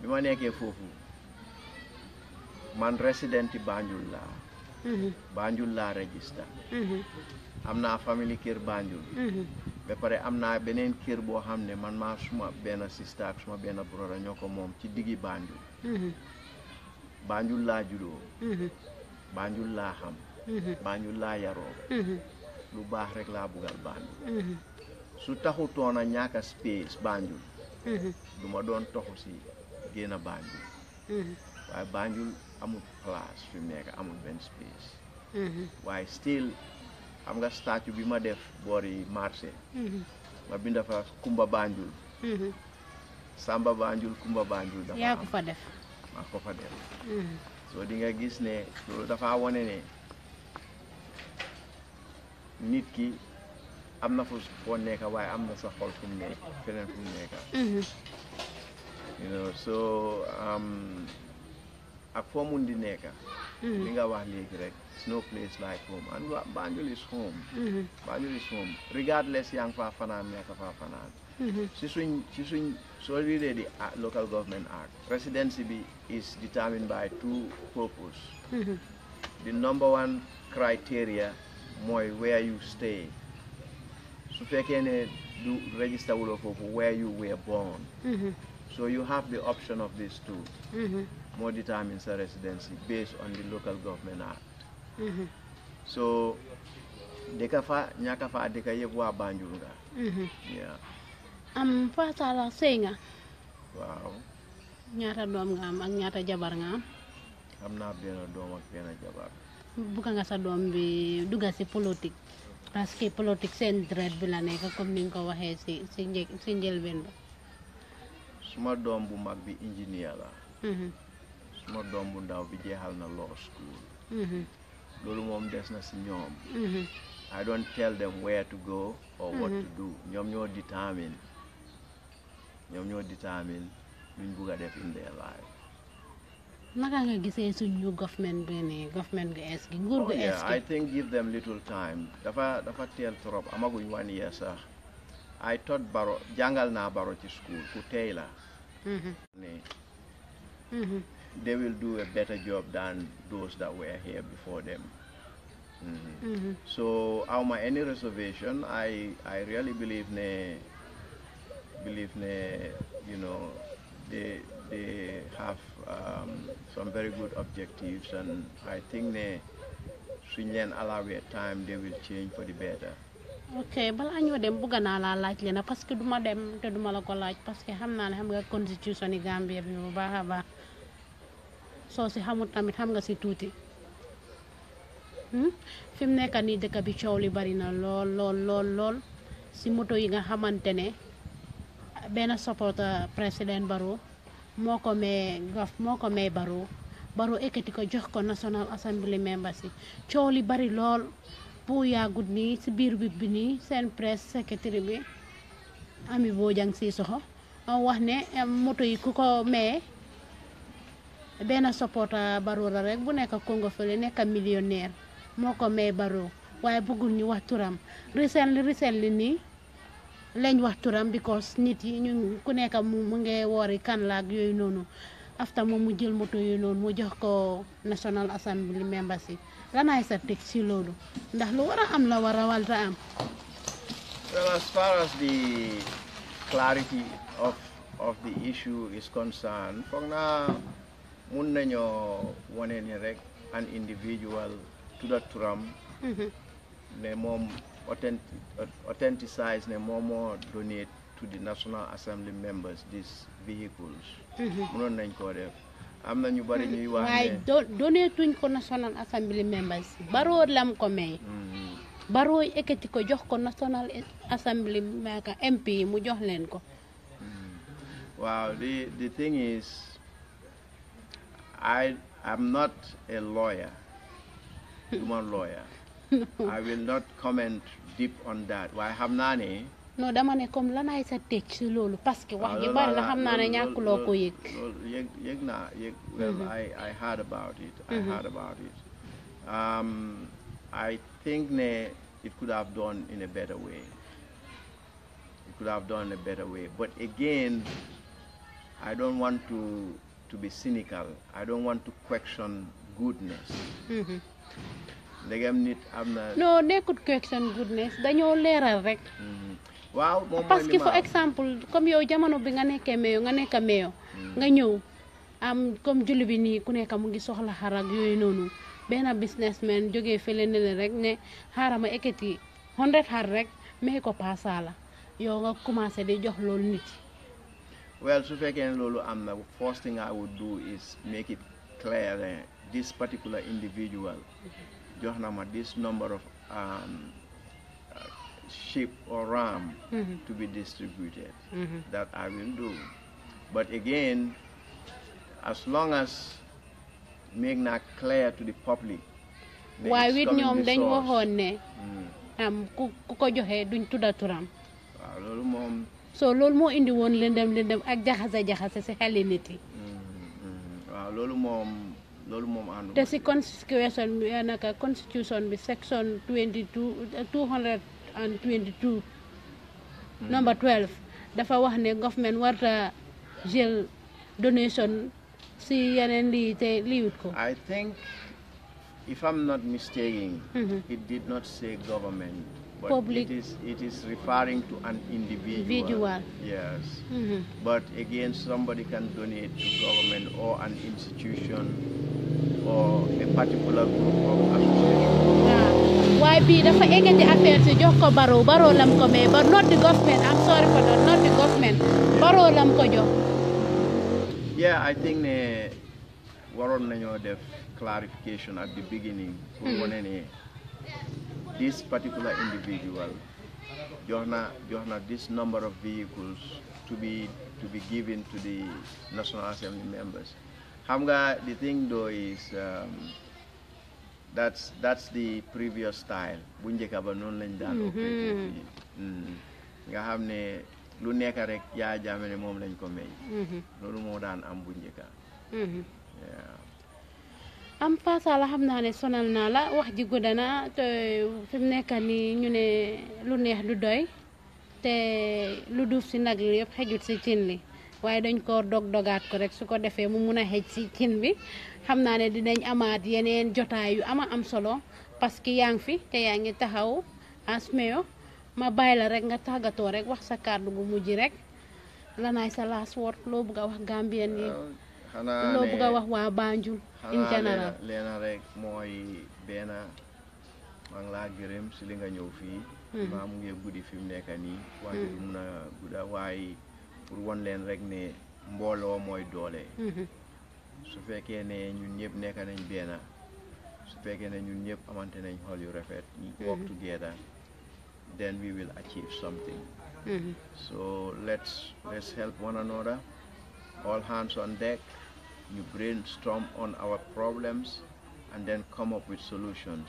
bi ma man resident Banjul laa Banjul laa register am naa family kër Banjul ba pare am naa beneen kër bo xamné man ma suma benn sista ak suma benn brother ñoo ko moom ci diggi la Banjul hmm hmm bandu la xam yaro hmm hmm lu baax rek bandu hmm hmm su taxutoon a ñàkk a space hmm du ma doon ci si bandu hmm hmm way bandu amul place fi nekk amul ben space mm-hmm. Why still am nga statue bi ma def boori marché mhm. ma binda fa Kumba Banjul mhm. Samba Banjul Kumba Banjul dafa yaa ko fa def maa ko mhm. gis ne loolu dafa wane ne nit ki am na fu foo nekk waaye am na sa xol fu mu feneen fu mu so um, ak foo mun di nekk Mm-hmm. it's no place like home and Banjul is home mm-hmm. Banjul is home regardless young ngi faa fanaan nekk faa fanaan si suñ local government act residency is determined by two purposes. Mm-hmm. the number one criteria mooy where you stay So you can uh, du register wuloo where you were born so you have the option of these two more determines a residency based on the Local Government Act. Mm -hmm. So deka fa nyaka fa deka ye bwa banjunga. Mm-hmm. Yeah. Am fa sala senga. Wow. Nyata dom nga ak nyata jabar nga am. Am na benn dom ak benn jabar. Buka nga sa dom bi duga ci politique. Parce que politique sen dread bi la nekk comme ko si si njël si ba. Suma dom bu mag bi ingénieur la. Mm -hmm ma doom bu ndaw bi jeexal na law school mm-hmm. loolu moom des na si ñoom mm-hmm. I don't tell them where to go or what mm-hmm. to do ñoom ñoo determine ñoom ñoo determine luñ bugg a def in their life naka nga gisee ñu government bi ne government gu es gi nguur gu oh, es gi I think give them little time dafa dafa teel trop amaguñ wan year sax I taught baro jàngal naa baro ci school ku tey la ne they will do a better job than those that were here before them. Mm -hmm. Mm -hmm. So, our any reservation, I I really believe ne believe ne you know they they have um, some very good objectives, and I think ne suñ leen allowee time they will change for the better. ok balaa ñoo dem bugg naa laa laaj leen parce que duma dem te duma la ko laaj parce que xam naa ne xam nga constitution ni Gambia bi bu baax a baax. soo si xamul tamit xam nga si tuuti hmm? fi mu nekk nii dëkk bi coow li bari na lool lool lool si moto yi nga xamante ne benn supporter président Barrow moo ko may gaf moo ko may Barrow Barrow ekkati ko jox ko National Assembly members yi coow li bari lool bu yàggut nii si biir bi bi nii seen presse secrétaire bi Ami Bojang Sissoho wax ne eh, moto yi ku ko maye bena supporter baru, rek bu nek Congo fele nek millionnaire moko me baro waye bugul ñu wax turam recently recently nii lañ wax turam because nit yi ñu ku nek mu ngi wori kan ak yoy nonu after mo mu jël moto yoy non mu jox ko National Assembly membersi, yi lanaay sa tek ci lolu ndax lu wara am la wara wal ta am. Well, as far as the clarity of of the issue is concerned, for now. mun nañoo wane ni rek an individual tudda turam mhm. ne moom authenticize ne moom moo donate to the National Assembly members these vehicles mhm. munoon nañ koo def am na ñu bari mm-hmm. ñuy wax ne donate tuñ ko National Assembly members Baro lam ko may mm-hmm. baroo ekkati ko jox ko National Assembly maaka MP mu jox leen ko mm-hmm. waaw the the thing is I am not a lawyer, human lawyer. no. I will not comment deep on that. Why xam naa ne. non dama ne comme lanaay sa teg ci loolu parce que wax ji la xam naa ne ñàkkuloo ko yek. loolu yëg yëg naa yëg. well mm-hmm. I I heard about it. I mm-hmm. heard about it. Um, I think ne it could have done in a better way. It could have done in a better way. But again, I don't want to to be cynical I don't mm-hmm. nekkut question goodness dañoo leeral rek. Mm-hmm. waaw moom parce que for exemple comme yow jamono bi nga nekkee meyo nga nekk meyo mm-hmm. nga ñëw am comme julli bi nii ku nekk mu ngi soxla xar ak yooyu noonu benn businessman jógee fële ne la rek ne xaaral ma ekkati hundred xar rek may ko paasaala yow nga commencé di jox loolu nit Well, su fekkee ne loolu am na first thing I would do is make it clear that this particular individual jox this number of um, uh, sheep or ram mm -hmm. to be distributed. Mm -hmm. That I will do. But again, as long as make that clear to the public. waaye wit ñoom dañ waxoon ne. am ku ko joxe duñ tudda turam. waaw loolu moom so loolu mo indi woon lëndëm lëndëm ak jaxase jaxase si xeli nit yi. Mm-hmm. waaw loolu moom loolu moom ànd. te si constitution bi eh, naka constitution bi section 22 eh, 222. Mm-hmm. number 12 dafa wax ne government warta jël donation si yeneen lii te liiwut ko. I think if I'm not mistaken. Mm-hmm. it did not say government public. It is, it is referring to an individual. individual. Yes. Mm -hmm. But again, somebody can donate to government or an institution or a particular group of association. waaye bii dafa egandi affaire si jox Baro Baro Lamko lam ko not the government I'm sorry for that not the government Baro Lamko ko yeah I think ne waroon nañoo def clarification at the beginning. pour mm-hmm. wane ne this particular individual Johanna, Johanna, this number of vehicles to be to be given to the National Assembly members Hamga, the thing though is um, that's that's the previous style bu njëkk ba noonu lañ Hmm. operative mm. ne lu rek yaa jaame ne moom lañ ko may mhm. loolu moo daan am faasa la xam naa ne sonal naa la wax ji gudda na te fi mu nii ñu ne lu neex du doy te lu duuf si nag li yëpp xejut si cin li waaye dañ ko dog dogaat ko rek su ko defee mu mun a xej si cin bi xam naa ne dinañ amaat yeneen jotaay yu ama am solo parce que yaa ngi fi te yaa ngi taxaw ma bàyyi la rek nga tàggatoo rek wax sa kàddu gu mujj rek lanaay sa last word loo bugg a wax gambien yi loo bugg a wax waa Banjul in general leena rek mooy benn maa ngi laa gërëm si li nga ñëw fii maa hmm. mu guddi fi mu nekk nii hmm. waaye du mun a gudda waaye pour won leen rek ne mbooloo mooy doole hmm. su fekkee ne ñun ñëpp nekk nañ benn su fekkee ne ñun ñëpp amante nañ xol yu rafet work together then we will achieve something so let's let's help one another all hands on deck you brainstorm on our problems and then come up with solutions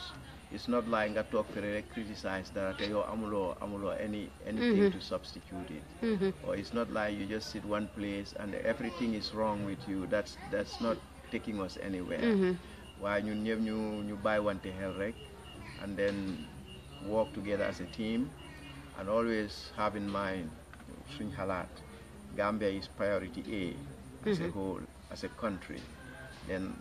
it's not like I talk to rek criticize that te yow amuloo any anything mm-hmm. to substitute it mm-hmm. or it's not like you just sit one place and everything is wrong with you that's that's not taking us anywhere mm-hmm. Why you never you ñu bàyyi wante xel rek and then work together as a team and always have in mind suñ Gambia is priority A as a whole as a country, then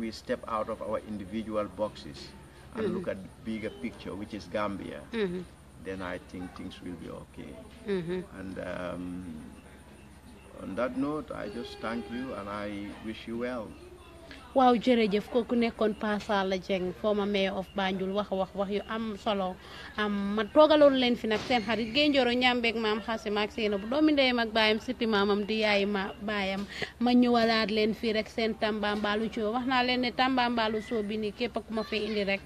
we step out of our individual boxes and mm -hmm. look at the bigger picture, which is Gambia, mm -hmm. then I think things will be okay. Mm -hmm. And um, on that note, I just thank you and I wish you well. waaw jërëjëf ku nekkoon Pa Salla Dieng former mayor of Banjul wax wax wax yu am solo am ma toogaloon leen fi nag seen xarit Gaye Njoro ñambeeg maam xasima ak seena bu doomi ndeyam mag baayam sippi maamam di yaay ma baayam ma ñëwalaat leen fii rek seen Tamba Mbalu ci wax naa leen ne Tamba Mbalu soo bi nii képp ku ma fi indi rek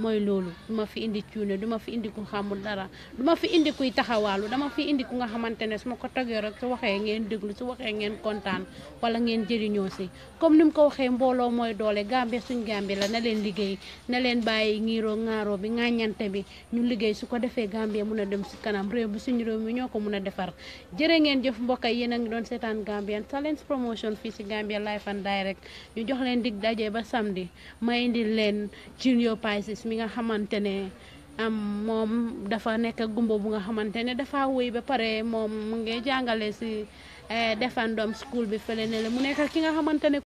mooy loolu duma fi indi cuune duma fi indi ku xamul dara duma fi indi kuy taxawaalu dama fi indi ku nga xamante ne su ma ko toggee rek su waxee ngeen déglu su waxee ngeen kontaan wala ngeen jëriñoo si comme ni mu ko waxee mbooloo mooy doole Gambie suñ Gambie la na leen liggéey na leen bàyyi ngiiroo ŋaaroo bi ngaa ŋaañante bi ñu liggéey su ko defee Gambie mun a dem si kanam réew bi suñu réew mi ñoo ko mun a defar jërë ngeen jëf mbokk yi yéen a ngi doon seetaan Gambian Talents promotion fii si Gambia live and direct ñu jox leen dig daje ba samedi ma indi leen Junior Jones mi nga xamante ne am moom dafa nekk gumbo bu nga xamante ne dafa woy ba pare moom mu ngi jàngale si eh, Defandom School bi fële ne mu nekk ki nga xamante